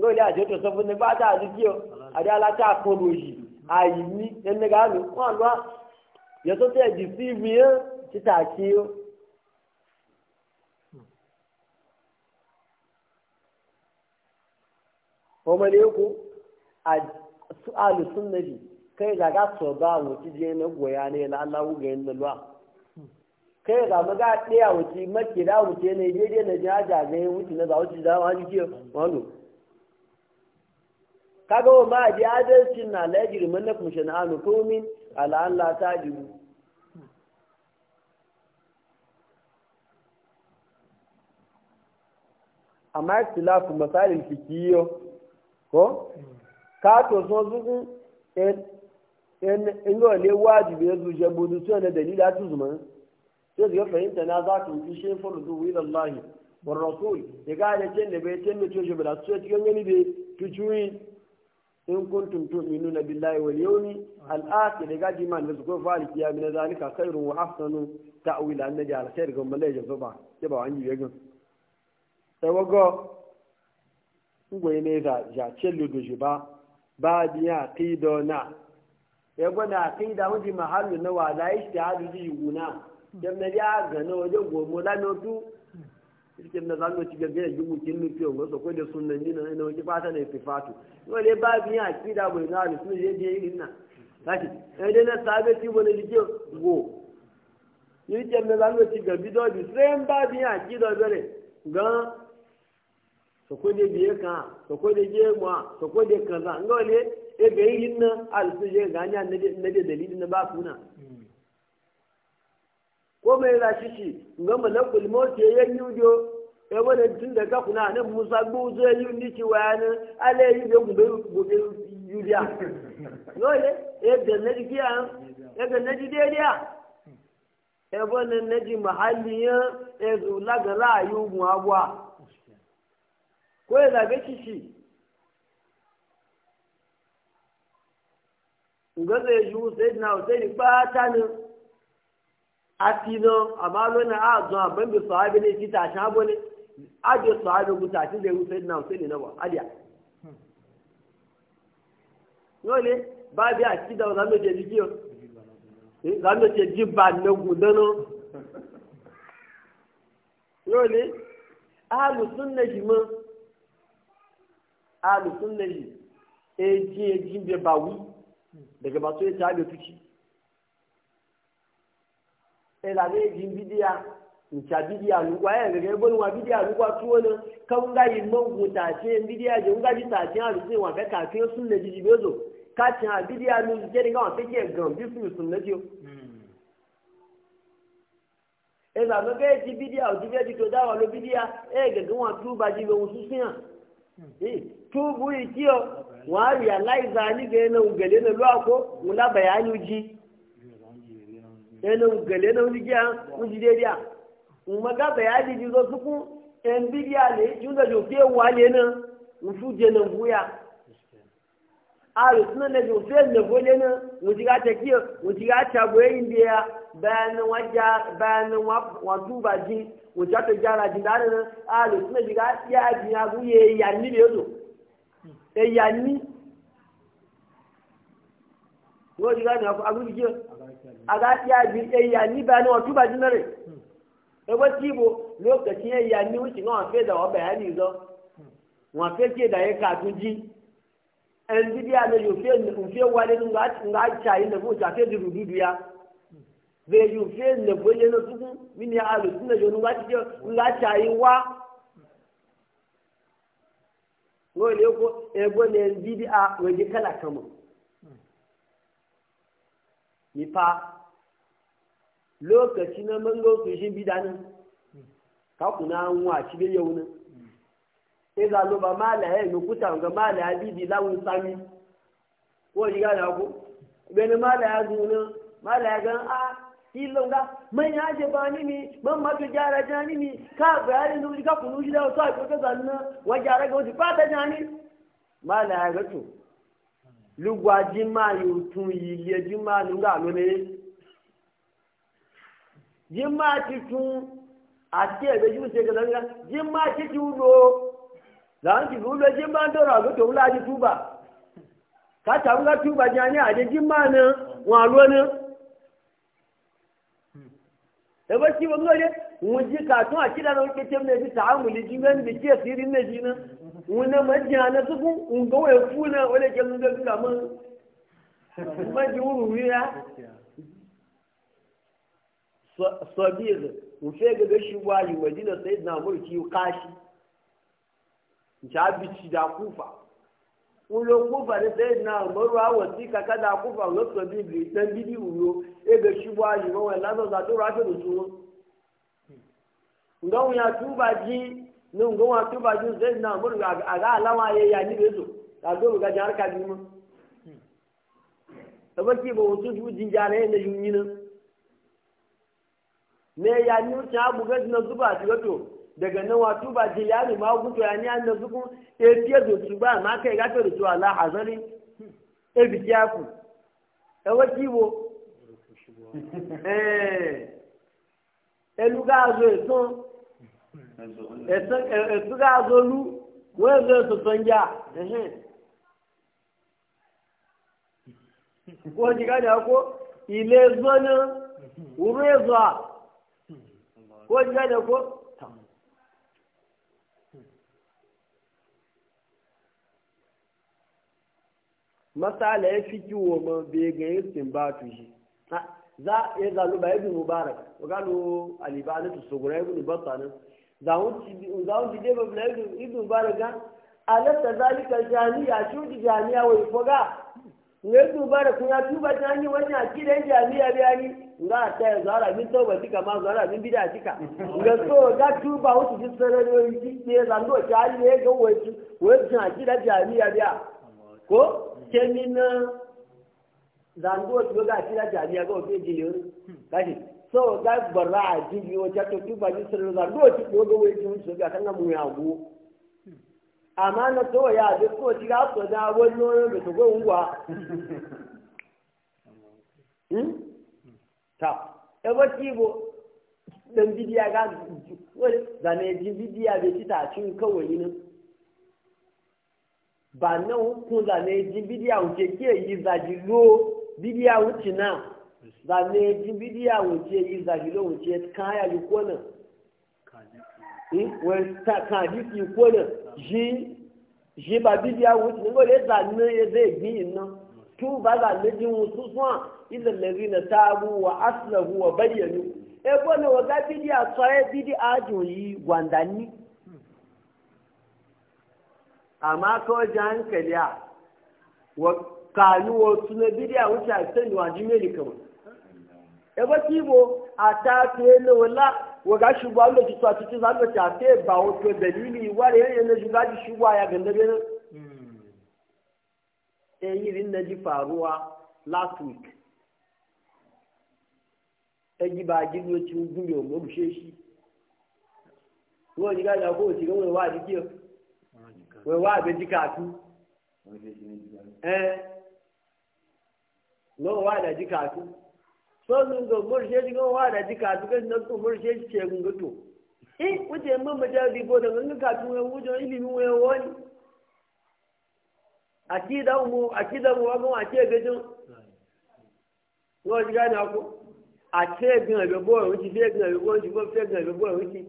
lóòlì àti ètò sọfún ní pátá àti kí o àti aláta àkọlù òyì àyì ní ẹnẹgà àlù wọn lọ yẹtọ tẹ ẹdì sí ibi yẹn títà kí o. ọmọdé kú àlùsùn nàbì. kai ga ga so ba ci je na goya ne la Allah ga yin lwa kai ga maga tsaya wuci maki da wuce ne je na jaja ga yin wuci na za wuci da ji ke wani kaga wa ma bi adalcin na lajiri mannakum shana'anu qaumin ala Allah tajibu amma ikhtilafu masalin fikiyo ko ka to so zugun eh, in yau ne wajibi ya zuce budu su yana dalila ta zuma sai su ga fahimta na za ku fi shi farzu wa ila Allah wa rasul ya ga da cin da bai cin da coci ba da su cikin gani bai tucuyi in kuntum tu'minuna billahi wal yawmi al akhir da gaji man da ko fali kiya min zalika khairun wa ahsanu ta'wila annabi al khair gamba lai jazo Zuba, ke ba wani yaga sai wago ngoyi ne da ce cello do jiba ba biya qidona ya gwada kai da wuce mahallu na wala ya shi ta hadu ji guna dan na ya gana wajen gomo la no cikin na zanu ci gaggaya gibu kin nufi wa so ko da sunan ni na wani fata ne fifatu wale ba bi ya ki da bai na sun je je irin na kashi eh dai na sabe ci wani dike go cikin na zanu ci gabbi bi sai ba bi ya ki da dole ga so da biye ka so ko da je mu so ko da kaza e ga yi na alfije ga anya na dalili na ba kuna ko mai rashi shi ga malakul na ya yi yudo e wani tun da kakuna kuna nan musa gbozo ya yi ni ci wani ala yi da gobe gobe yudiya ebe e na jiki a e da na jide wani ji mahalli ya e zula ga ra'ayi mu abuwa ko ya zaga shi shi nga zai yi sai na ni ba ta ne a tino amma lona a zo a ban bi sahabi ne ki ta sha bone a je sahabi ku ta zai yi sai na sai na ba aliya nole ba bi a ki da za mu je jiyo eh, za mu je jibba na n'o nole ahlu sunna jima ahlu sunna ji eji eji e ba bawi daga masu ya tabi tuci ila ne jin bidiya nca bidiya lugwa ya gaga yabo wa bidiya lugwa tuwo ne kan ga yi mango tace bidiya je nga ji tace a rufe wa ka kafe sun ne jiji bezo ka ci a bidiya ne je ne ga wa fike gan bisu sun ne je ila no ga ji bidiya o ji ga ji to da wa lo bidiya e eh, gaga wa tuba ji lo sun sun ya hmm. eh tubu yi o. wa realize ni ga na ugale na lo ko mula bayani ji yana ugale na uji ya uji de dia umma ga bayani ji zo suku en bidia le junga jo pe wa le na ufu je na buya a rusuna na jo fe na bo na uji ga ta kiyo uji ga ta bo india bayan waja bayan wa duba ji uji ta jara ji da na a rusuna ji ga ya ji ya guye ya ni le zo ẹ̀yà ní wọ́n ti ẹ̀yà ní ẹgbẹ́ tí ibo ẹ̀yà ní ó sì dà tí èdè ayé kàtún jí bí àná yóò fẹ́ wálé tsa nàfọ̀ tsa fẹ́ dùrù ya bẹ́ẹ̀ yóò fẹ́ nàfọ̀ yẹn lọ mgbe olio ko ebone eh, zi bi a oge kalaka ma mipa lọọsọ chi na mbe n'osu zi nbi da na ka kpọ na anwụ a chi ya wu na ị eh, ga lo ba ma ala ya n'oku ta nga ma ya bibi bi sami nsa nwụ ndị nga ya wu bena ya du na ma ya ga a. Ah, ilo nga manya ya je ba ni mi man ma to jara jani mi ka ga ya nu ka kunu ji da so ko ka zanna wa jara ga ji pata jani mala ya ga to lugwa ji ma yu tun yi le ji ma nu ga lo ne ji ma ti tun àti ẹ̀gbẹ́ ju ṣe kẹlẹ́ nígbà ji ma ti ti wo la ti wo lo ji ma do ra go to la ji tuba ka ta nga tuba jani ade ji ma na wa lo ne ba ci ba ngore mun né? ji ka tun a kira na que tem ne ji ta amuli ji ngani bi ke siri ne ji na mun ma ji na su ku un go we fu na wala ke mun ga ga mun ma ji wuru wiya sabir mun fe ga shi wali wajina sayyidina mulki kashi in ci da kufa ulo kufa ni sai na umaru a wasika kada kufa lo so bibli dan bidi ulo e be shibo ayi mo wa lazo za rafe do ya tuba ji no ngawo ya tuba ji sai na umaru aga alama ye ya ni bezo da do ga jar ka bi mo to ba ki bo ju ne ne ya ni ta buga na zuba ji to daga nan wato ba jiliyani ma gutu ya ni an da zukun e fiye da su ba ma kai gafe da su ala hazari e bi kiyafu e wa kiwo *laughs* eh. e lu ga zo e son e, e, e su ga zo lu wọ́n e zo su son ja ko ji ga da ko ile zo nan wuri zo ko ji ga da ko masala ya fi kiwo ma bai ga yin ba tu shi za ya zalu ba ibn mubarak wa galo alibanatu sugura ibn batana za wuci za wuci dai ba ibn mubarak ga alata zalika jami'a shuji jami'a wai foga ne kun ya tuba ta hanyar wannan kidan jami'a bayani nga ta zara min tauba tika ma zara min bida tika nga so ga tuba ji sarari ne ta ne ga jami'a kemi na zango ti ga ti la ga o ji le gaji so ga a aji ni o cha to ti ba ni sir zango ti ko go we ju so ga ya amma na to ya ko ga so da won no da to ngwa hmm ta e ti bo dan bidiya ga wani zane ta kawai ba nan kun zane jin bidiya wuce ke yi zaji lo bidiya wuce na zane jin bidiya wuce yi zaji lo wuce kaya yi kona eh, wani kaji fi kona ji ba bidiya wuce ne wale zane ya zai bi ina tun ba zane jin wasu suna idan lari na tabu wa aslahu wa bayyanu e kona wa ga bidiya tsaye bidiya ajiyoyi gwandani amma kawai ji hankali a wa kanu wasu a sani wa ji meli kama e ba a ta fiye na wala wa ga shugaba wanda ki tsaci ci zanga ta te ba wato dalili ware yayin na shugaba ji shugaba ya ganda bene eh yirin na ji faruwa last week e ji ba ji lokaci gumi shi ga ya wa ji wai wa abin ji ee eh no wa da ji so nun murshe ji da ji katu kan murshe ce eh kuje mun mu da ribo da mun katu wai wujo ilimi wai wani akida mu akida mu wa ake gajin wọ́n ti gánà kú àti ẹ̀gbìn ti fi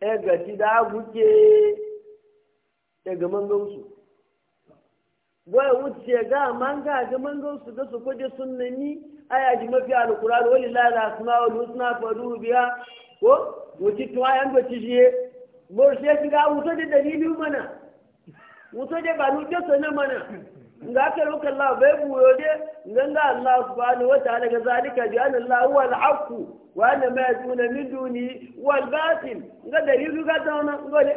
ẹ̀gbìn ti daga mangansu wai wuce ga man ga ga mangansu ga su kudi sunnani aya ji mafi da wani lalata su ma wani husna faru biya ko wuce tuwa yan gaci shiye mor shi ya shiga wuto da dalili mana wuto da ba nuke sana mana nga ka roka Allah bai buyo de nga nga Allah subhanahu wa ta'ala ga zalika bi anna Allah huwa al-haqq wa anna ma yaduna min duni wal batil nga dalilu ga tawana ngole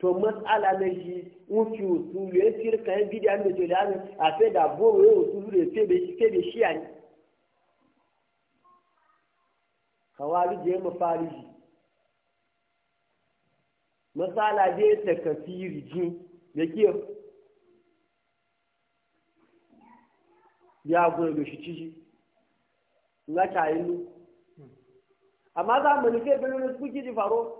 to matsala na shi wuce wasu ya fi rika yin bidiyan da ke da a sai da boro ya wasu da sai da shi sai da shiya ne kawari da ya mafari shi matsala da ya taka firijin da ke ya gura da shi ciki na kayi amma za mu nufe birnin kuki ji faro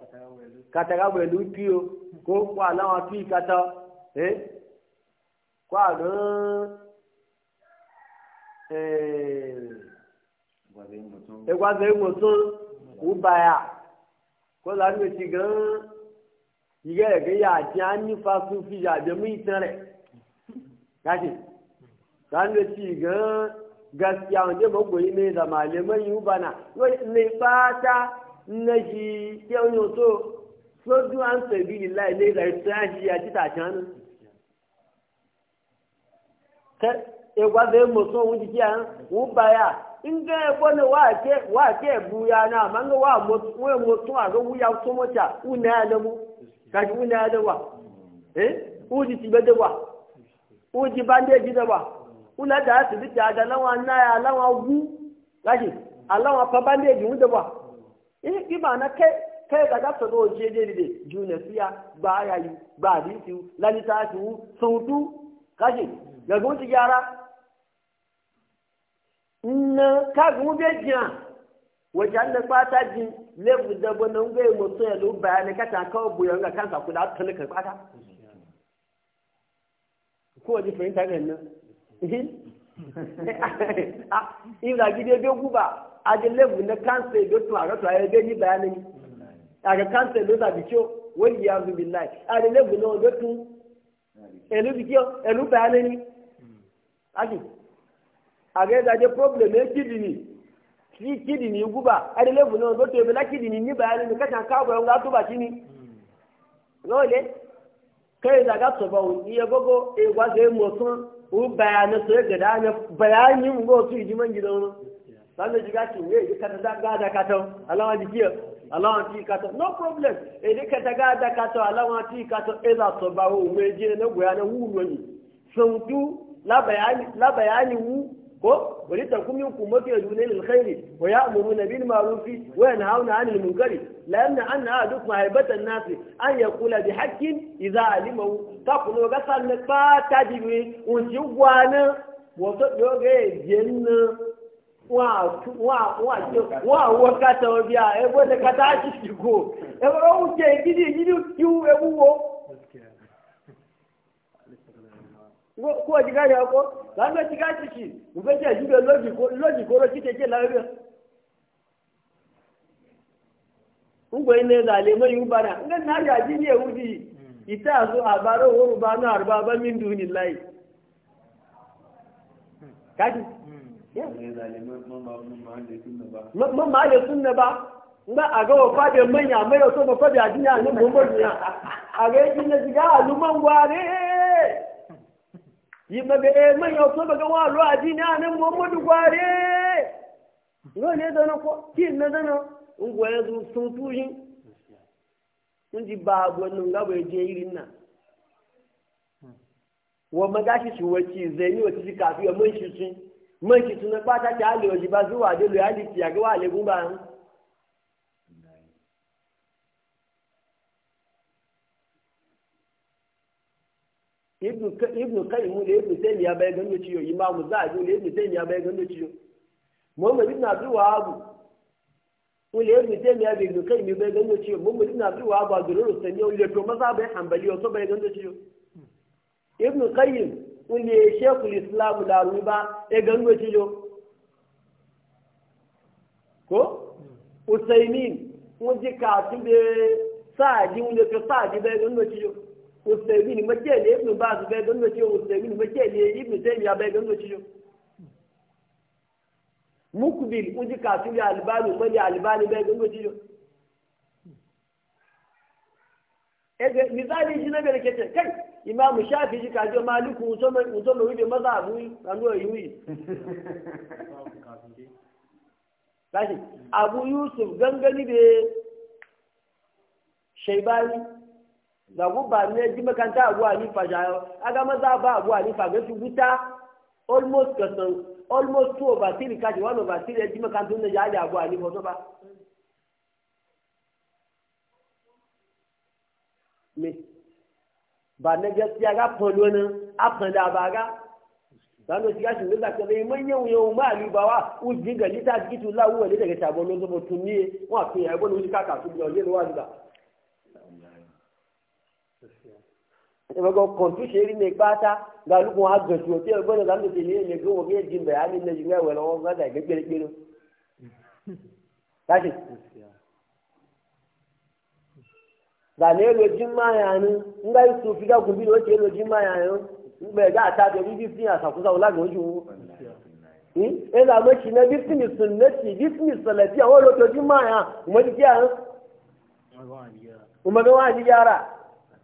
kata ga pẹ̀lú pí o kó wà láwọn pí kata ẹ́ kó àdán ẹgbàgbé mọ̀tún báyà kó lánàá ti gan ìyá ẹ̀gẹ́ yà fi ìtàn rẹ̀ káṣí lánàá ti gan bana na sójú à ń tẹ̀lé ìlà ilé ìlà àjí àjíta àjánú tẹ́ ẹgbàgbé mọ̀sán òun jíjẹ́ à ń bá yà ń gẹ́ ní wà ya náà ma n'o gẹ́ wà mọ̀sán àrówú ya tó mọ́ta ń náà ẹlẹ́mú kàjú ń náà ẹlẹ́wà ẹ́ ń jí tìgbẹ́ dẹ́wà ń jí báńdéèjì dẹ́wà ń lẹ́dàá àtìlítì láwọn wú pa kai da gasa do je je de juna siya ba ya yi ba di su lani ta su sautu kashi ga gunci gyara na ka gun be jiya wajen da fata ji lebu da bonan ga yi mutum ya lu bayani kata kawo buyan ga kansa kula talaka ta. ko ji fahimta ga nan *laughs* ah, ibra gide be guba a je lebu na kansa do to a to a ratuwa ya gani bayanin aga cancel ló tàbí tí ó wọ́n yìí azu bí láì adélébù náà ló kí ọ ẹ̀lú bẹ́ẹ̀ alẹ́ ní. problem ẹ̀ kídìní sí kídìní gúbà adélébù náà ló tẹ̀wé lá kídìní ní bẹ́ẹ̀ alẹ́ ni. lọ́wọ́ lé kẹ́yìn ìdàgá sọ̀bọ̀ iye gbogbo aláwọn tí no problem èdè kẹtàgá àdàkàtọ̀ aláwọn tí ìkàtọ̀ ẹ̀dà sọ̀bà òun méjì lábàyáni takumi ku mafi yadu alkhairi wa ya na bil ma'rufi wa yanhauna 'anil munkari la yamna anna ahaduk mahaibatan nas an yaqula bi haqqin idza alimahu ka kuno Wa wa wa kata à ẹgbẹ́ tẹ kátà á sì kò ẹgbẹ́ ó jẹ ìdíje ìdíje kí ó ẹwú wo. kó o ti ká yẹ ọkọ lánàá ti ká sì sì nǹkan tí ẹjú bẹ lójì kóró tí tẹ jẹ lábẹ. ngbọ iná ẹ̀ lálẹ́ mọ́ ìwú bára ńgbẹ́ náà di ìta àzọ àbárò òwúrò man ma da sunna ba nga a ga wafa da manya mai da so ba fa da jinya nan mun bar jinya a ga yakin na shiga aluman gware yi ba ga eh, manya so ba ga wa lo a jinya nan mun gware ngo ne da na ko kin na da na ngwa ya zu sun tuji kun ba gwanin ga bai je irin na. wa magashi shi wacce zai yi wace shi kafi mun shi shi mai ki tuna kwata ta hali ba zuwa da loyalty ya ga wa legun ba ibnu kaimu da ibnu taimi ya bai gando ciyo imamu zaji da ibnu taimi ya bai gando ciyo muhammad ibn abdul wahab wule ibnu taimi ya bai ibnu kaimu bai gando ciyo muhammad ibn abdul wahab da rurus taimi to maza bai hanbali bai gando ciyo qayyim wunde shekul islam laru ba e gango cijo ko usaimin wunde katu be saji wunde ka saji be gango cijo usaimin makele ibn baz be gango cijo usaimin makele ibn taymiya be gango cijo mukbil wunde katu be albani wunde albani be gango cijo misali shi na garkece kai imam shafi shi kaji maliku wuzo mai wuce maza abu ranuwa yuyi kashi *laughs* abu yusuf gangani da shaibani da guba ne ji makanta abu hanifa shayo aga maza ba abu hanifa ga su wuta almost kasan almost two over three kashi one over three ji makanta ne ya abu hanifa to ba me ba na gaskiya ga falo nan a fada ba ga zano shiga shi gaza ka zai manyan ma tun wa ne ne ne bayanin na ga elu elo ji mmanya anyị nga isi ofi ga gwubi na oche elo ji mmanya anyị mgbe ga ata bịa bibi fi ya sakwụsa ụla ga oju wu ị ga-amachi na bibi ni sun neti bibi ni salafi a wani otu ji mmanya umarci ki ahụ umarci wa ji gyara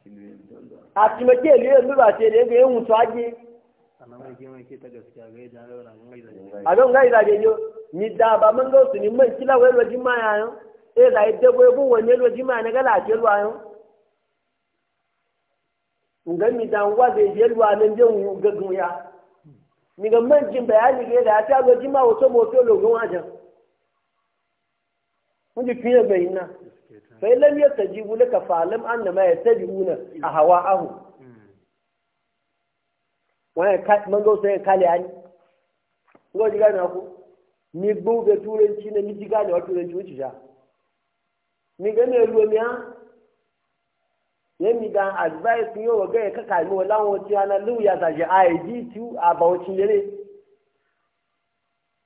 elu elu ba ce da ya ga yin mutu aji a don ga izaje yo ni da ba mun ni man kila wani otu ji mmanya anyị e za yi dabo ya buwa ne lo jima ne gala ce ruwa ayo ngam mi dan wa de je ayo nan wu gagun ya mi ga man jin ni ge da ta lo jima mo moto lo gun wajen mun ji fiye bayina fa lam an yastajibu laka fa'lam ahu yastajiuna ka man go sai ya kale ani ngo ji na ku ni gbo be turanci ne ni ji gane wa turanci wuce ja mi ga ne lo mi ya da advice yo ga ka kai mo la wo ti ana lu ya sa je a tu about ti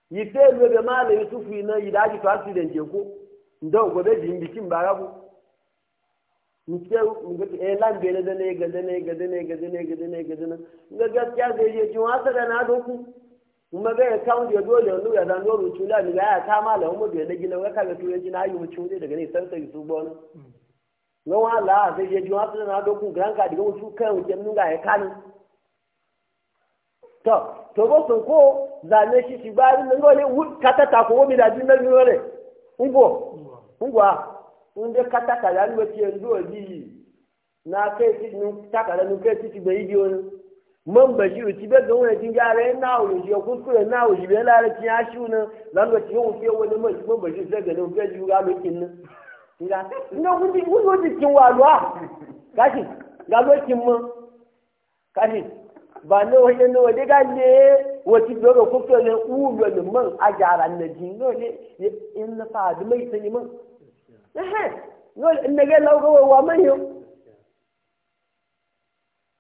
yi fe lo be ma le yusufu ina yi da ji to accident je ko ndo go eh, be jin bikin ba ga ko nke ga e lan be ne ne ga da ne ga da ne ga da ne ga ne ga da ne gaskiya zai je jin da na doku kuma ga ya kawo da dole wani ya zan dole cula ni ya ta mala wani da da gina waka da turanci na yi mutum ne daga ne san sai su ba wani ga wala sai ya ji wasu na doku gran ka daga wasu kan wucin nun ga ya kani to to ba sun ko zane shi shi ba ni ngole kata ta ko mi da jin na ngole ungo un unde kata ka da ni ba ti ndo bi na kai ti nun ta ka da ni kai ti be yi wani man ba shi ci bai wuri kuskure na wuri bai ya shi nan wuce wani man ba sai ga nan ga nan ina kun kun kashi ga kashi ba ne wajen ne wajen ga ne kuskure ne ulo ne man a gyara na jin ne in na fa da mai sani man ga wa man yau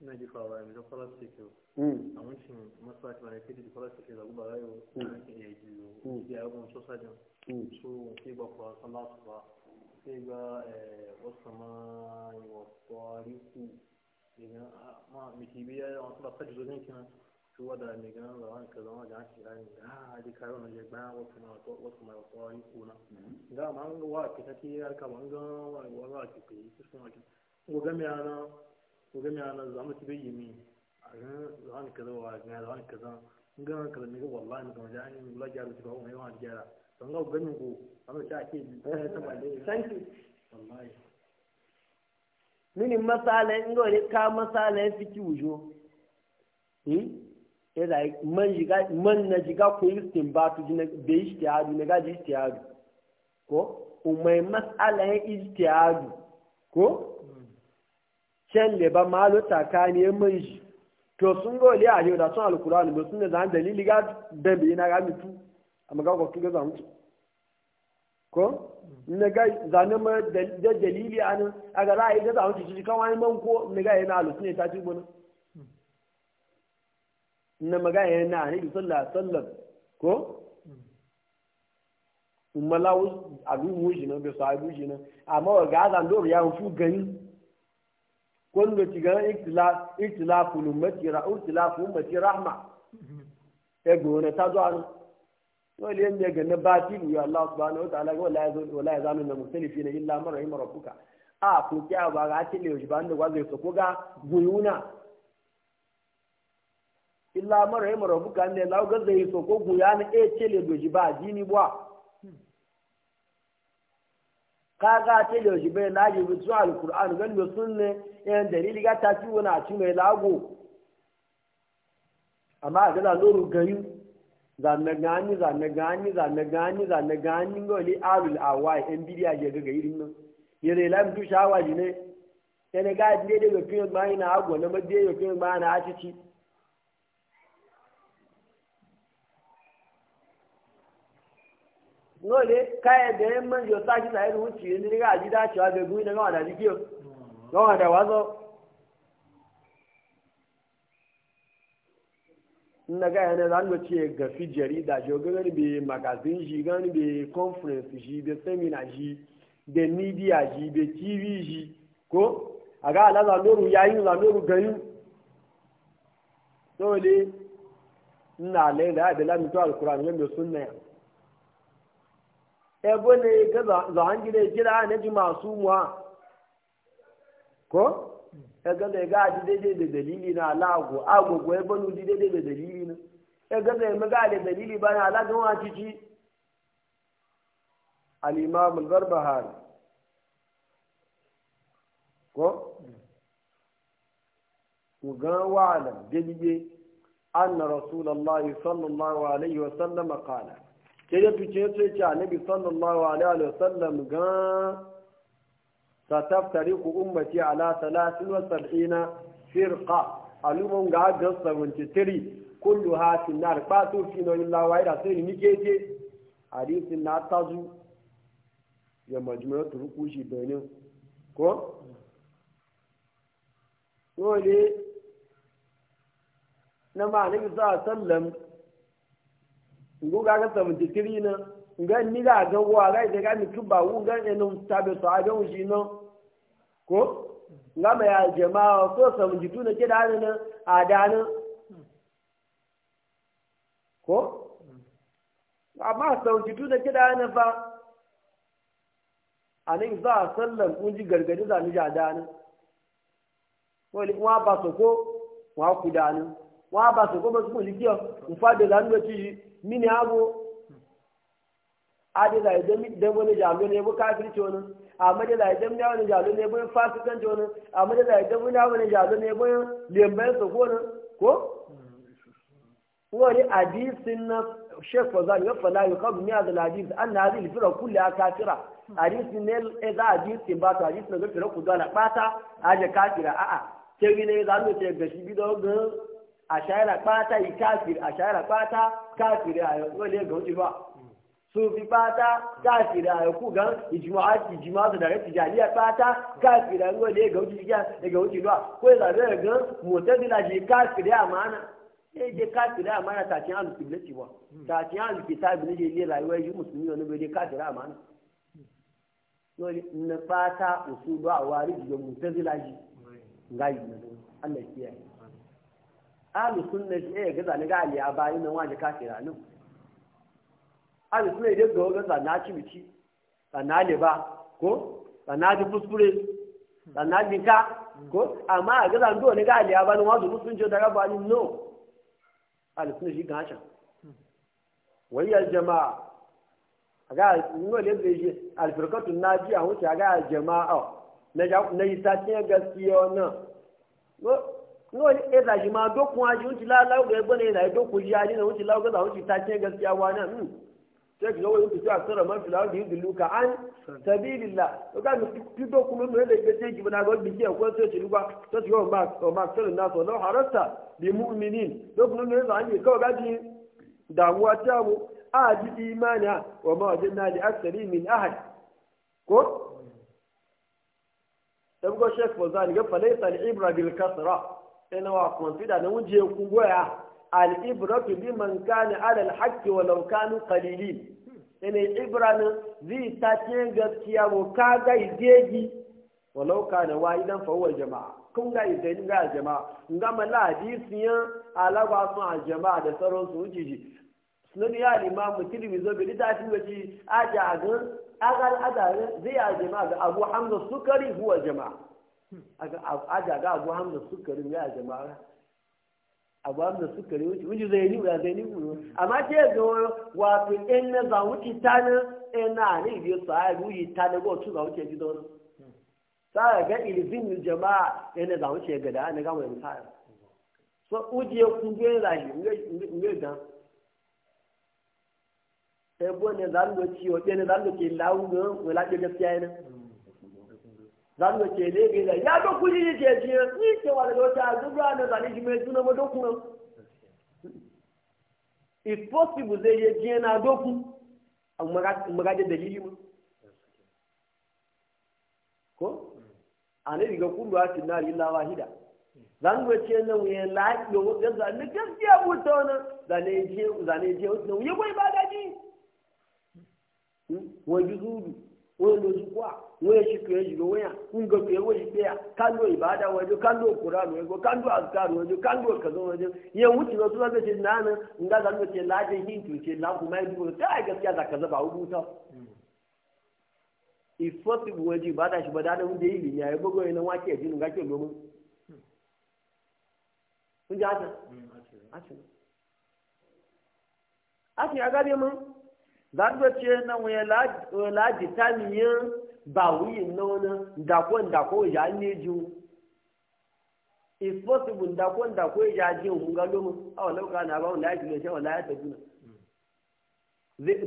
na ji fawa yanzu kwalar cikin a que eu wancin masu mana kiri da kwalar cikin zagu ba yau na o iya gizo ya abun so sajin so sai ba o sallah su ba sai ga wasu ma yi wa o ku daga ma miki biya ya wasu ba fadi o kina su wada mai ganin zaman ka zama da o da ne a ji kayo na je bayan wasu o wasu ma kwari ku na ga ma an ga o fita ke ya kama an ga wa wa ke o su sun wajen ko ga mai ana وقال أنا زعمت بيمي عشان ka ko umai ko can le ba malo takani ya e mun shi to sun go le a yau da sun alkurani ba sun da zan dalili ga dambe ina ga mitu amma ga kwakwai ga zamu ko ne ga zanen ma da dalili an nan a ga da ga zamu shi kan wani man ko ne ga yana alusun ne ta ci gona na magana yana a nabi sallallahu alaihi wasallam ko umma lawu abu mu shi na bi sahibu shi na amma ga zan do ya fu gani wanda ci ga ikhtilafu ummati ra ikhtilafu ummati rahma mm-hmm. e gona ta zo an wani yanda ga na batilu ya Allah subhanahu wa ta'ala wala ya wala ya zanu na mustalifina illa man rahima rabbuka a ko a ba ga ci le ba da gwazo so ko ga guyuna illa man rahima rabbuka ne lawo ga zai so ko guyana e ce le ba jini kaga ce da shi bai na bi zuwa alkur'an gan da sunne yan e dalili ga ta ci wani a ci mai lago amma a gaza loru gayu zanne gani zanne gani zanne gani zanne gani ga wani alul awai yan bidiya ke ga gari nan ya zai lam tu shawaji ne ya ne ga ne da ga fiye bayan na agwa na madiya ya fiye bayan na acici ngole kaya e da yamma yo sa ki sai ruci ni ga ji da cewa ga gumi da ga da dikiyo ga da wazo na ga yana zan go ce ga fi jarida jo ga gani be magazine ji gani be conference ji be seminar ji be media ji be tv ji ko aga ala za loru yayin za loru gayu dole ina le da da lamitwa alquran ne sunna ebo ne ga zahan gida kira na ji masu muwa ko ya ga zai ga ji daidai da dalili na alago agogo ya banu ji daidai da dalili na ya ga zai maga da dalili ba na alago wa ciki al-imam al-barbahari ko ku ga wa'alam dalili anna rasulullahi sallallahu alaihi wa sallama qala sai ya fice su ce nabi sallallahu alaihi wa sallam ga sataftari ku ummati ala 73 firqa alumun ga ga 73 kullu ha fi nar ba su fi no illa wa ira sai ni ke ce hadisin na tazu ya majmu'a turuku shi benin ko dole na ma nabi sallallahu alaihi wa sallam ngo ga ga 73 na nga ni ga ga wa ga ga ga ni tuba wu ga ne nun tabe so a ga wu shi no ko nga ma ya jama'a so 72 na ke da na a da na ko amma 72 na ke da na fa anin za a sallan kun ji gargadi za ni ja da na ko ni kuma ba so ko wa ku da na wọn á bá sọ̀kọ́ bọ́ sọ́kọ́ lídìọ́ nfàdéla ń lọ tìyí mí ni àgbo adéla ìdẹ́gbọ́n ní ìjà lónìí ẹgbẹ́ káàkiri tí ó ná àmọ́déla ìdẹ́gbọ́n ní àwọn ìjà lónìí ẹgbẹ́ fásitì tí ó ná àmọ́déla ìdẹ́gbọ́n ní àwọn ìjà lónìí ẹgbẹ́ lèmbẹ́ sọ̀kọ́ ná kó. wọ́n ní àdìsín náà sheikh fazal ya fala ya kabu ni azal hadith an na hadith fira kulli akafira hadith ne eza hadith ba ta hadith na fira kudala bata aje kafira a'a ke ne za mu ce gashi bido àṣàyàrà pátá ìkáàkiri àṣàyàrà pátá káàkiri àyọ̀ wọ́n lè gàn jùlọ sufi pátá káàkiri àyọ̀ kú gan ìjùmọ̀ àti ìjùmọ̀ àti ìdàrẹ́ ti jàlíyà pátá káàkiri àyọ̀ wọ́n lè gàn jùlọ ẹgàn jùlọ kó ìlànà gan mọ̀tẹ́dínlájì káàkiri àmàna sai je kafira amana ta cin alu kiblati ba ta cin alu kitabi ne je ne yi musulmi wani bai dai kafira amana na fata usulu a wari da mutazila ji ngayi Allah kiyaye alu sunna ji e gaza ni gali ya bayin nan waje kafira nan alu sunna idan ga gaza na ci mici sana le ba ko sana ji fuskure sana a ka ko amma a gaza ndo ni gali ya bayin waje musunci da raba ni no alu sunna ji gacha wayar jama'a aga ngo le zai alfirkatu najiya wuce a aga jama'a na yi sacin gaskiya wannan ngoli eza ji ma dokun aji unti la la ga gbona e na unti la ga za ta ce gaskiya wani hmm sai ki gawo unti ta tsara man filawo di luka an sabilillah to ga ji bana ga bi ke ko sai ci luka to ti ba to ma na so harasta bi mu'minin dokun na za ga ji damuwa ta a ji imana wa ma ga ibra bil ina wa consider na wuje ku goya al bi man kana ala al wa law kanu qalilin ina ibra ne zai ta ce gaskiya ko ka ga ideji law kana idan fa huwa jama'a kun ga ideji ga jama'a Gama mala hadisiyan alagwa sun a jama'a da sauran su wuce sunan ya al-imam zo bi da shi wace aja ga agal adare zai a jama'a da abu hamza sukari huwa jama'a aja ga abu hamda sukari ya jama'a abu hamda sukari wuce zai yi wuya zai ni wuro amma ce ga wato in na ta na in na ne biyo su a ruyi ta na ga wasu za wuce gido na sa ga jama'a in na ga da na so uje shi ebo ne zan go ne zan go ci lawo go ke zanu ke ne ga da ya do kuji ne ke ji ni ke wa do ta dubra na zani ji me tuna mo doku na it if possible ze ye ji na doku amma ga amma ga dalili mu ko ane diga kullu atin nar illa wahida zanu ce na ya la yo ga zani gaskiya buta wana zane je zane je wuta ya koi ba gaji hmm? wajuzudu wọ́n lọ sí kó à wọ́n yẹ sikiri yẹ sikiri wọ́n yà ń gẹ̀kọ́ yẹ wọ́n sikiri yà kánú ìbáda wọn jọ kánú òkúra wọn jọ kánú àzùkárù wọn jọ kánú òkàzọ wọn jọ yẹ wọ́n ti lọ sí wọn kẹsẹ̀ nànà nga zanú kẹsẹ̀ láàjẹ hintu kẹsẹ̀ làkùnmá yẹ dùkọ̀ tẹ́ àyè kẹsẹ̀ àzà kẹsẹ̀ bá wọ́n tọ́. ìfọ́sí wọn jọ ìbáda ṣùgbọ́n dáná ń dé ìlì yàrá gbogbo yẹn zagbace na wela jitamiyar ba wuyi na wani dakon dakon ya ne ju is possible dakon dako ya je hun ga a wani lauka na ba wanda ya kilo shi wala ya tafi na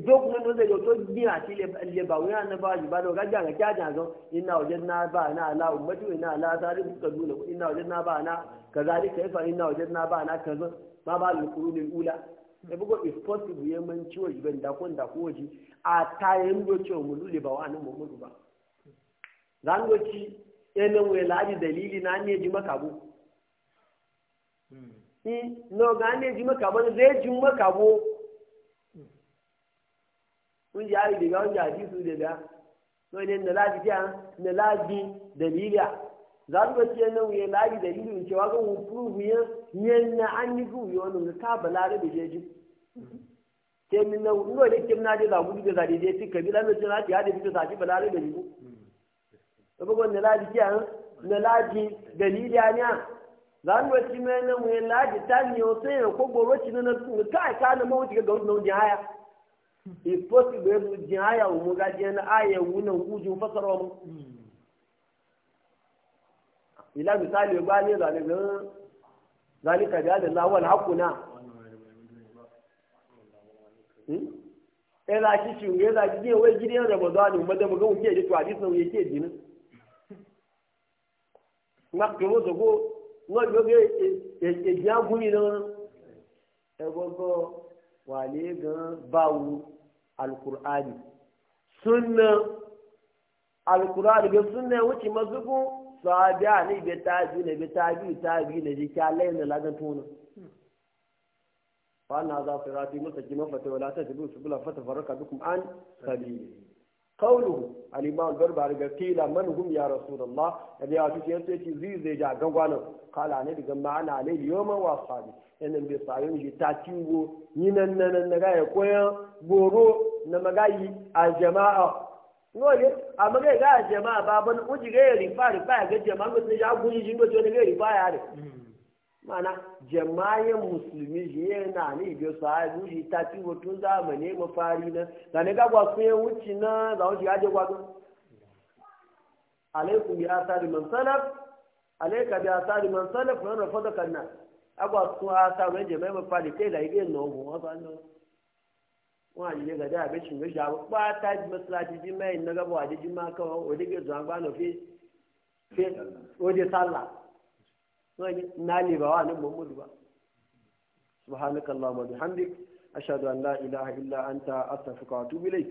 zo kuma no zai yoto ni a ti le ba wuya na ba ji ba da gaja ga kyaja zo ina wajen na ba na ala ummatu ina ala zalim ka duna ina wajen na ba na kazalika ifa ina wajen na ba na kaza ma ba lukuru ne ula da bugo is possible ya man ciwo iben da kon da koji a tayin go ciwo mu lule ba wa nan mu mudu ba zan go ci enan eh, we ladi dalili na ne ji maka bu ni hmm. eh, no ga ne ji maka ba zai ji maka bu kun ji ari daga wanda hadisi da no ne na ladi ja na laji dalila za su ga nan nan ya da dalilin cewa ga mu prove ya yanna an yi prove ya wannan ta balare da jeji ke min na ngo da ke na je za gudu da zade je ti kabila na jira ta da fito saki balare da jeji to ba gonne lari ke an na laji dalili anya za mu ci mai nan wuya, lari ta ni o sai ko goro ci na ka ka na mawuci ga gudu nan jihaya if possible jihaya mu ga je na aya na gujin fasarwa mu ila misali ba ne zane ga zalika da Allah wal hakuna hmm? eh za ki ci ne za ki je wai gidan Ramadan mu da mu ga wuke da to hadisi ne yake dinin na kiro da go no yo ge e, e, e ja gumi na e eh, gogo wale gan bawu alqur'ani sunna alqur'ani ga sunna wuce mazugu sahabi a ne bai tabi ne bai ta tabi ne ji kya lai na lagan tona fa na za su rafi musa ki mafata wala ta tabi su bula fata faraka dukum an sabili qawluhu al-imam barbari ga kila man hum ya rasulullah abi a tuke yace ki zai zai ja gangwana kala ne daga ma'ana ne yoma wa sahabi in bai sayun ji ta tingo ni nan nan na ga ya koyan goro na magayi a jama'a ngoje amage ga jama'a na uji ga rifa rifa ga jama'a mun ja guji iji gojo onye ga rifa ya ne mana musulmi je yana ne biyo sa guji ta ci wutun ndị mafari na da ne ga gwa sun nwuchi na za wuci ga je alaikum bi asari man salaf alaika bi asari man salaf na rafadaka nas agwa sun asari wọn àdìyẹ gàdá a ló ṣàwọ́ pátá mọ́sálásí gaba mẹ́rin nọ́gàbọ̀ àdìjú máa kọ́ òdìgbèsùn agbánu fi fi òde sálà wọn ni nàálì bá wà ní mọ́mọ́lù wa. subhanakallah wa bihamdik ashhadu an la ilaha illa anta astaghfiruka wa atubu ilayk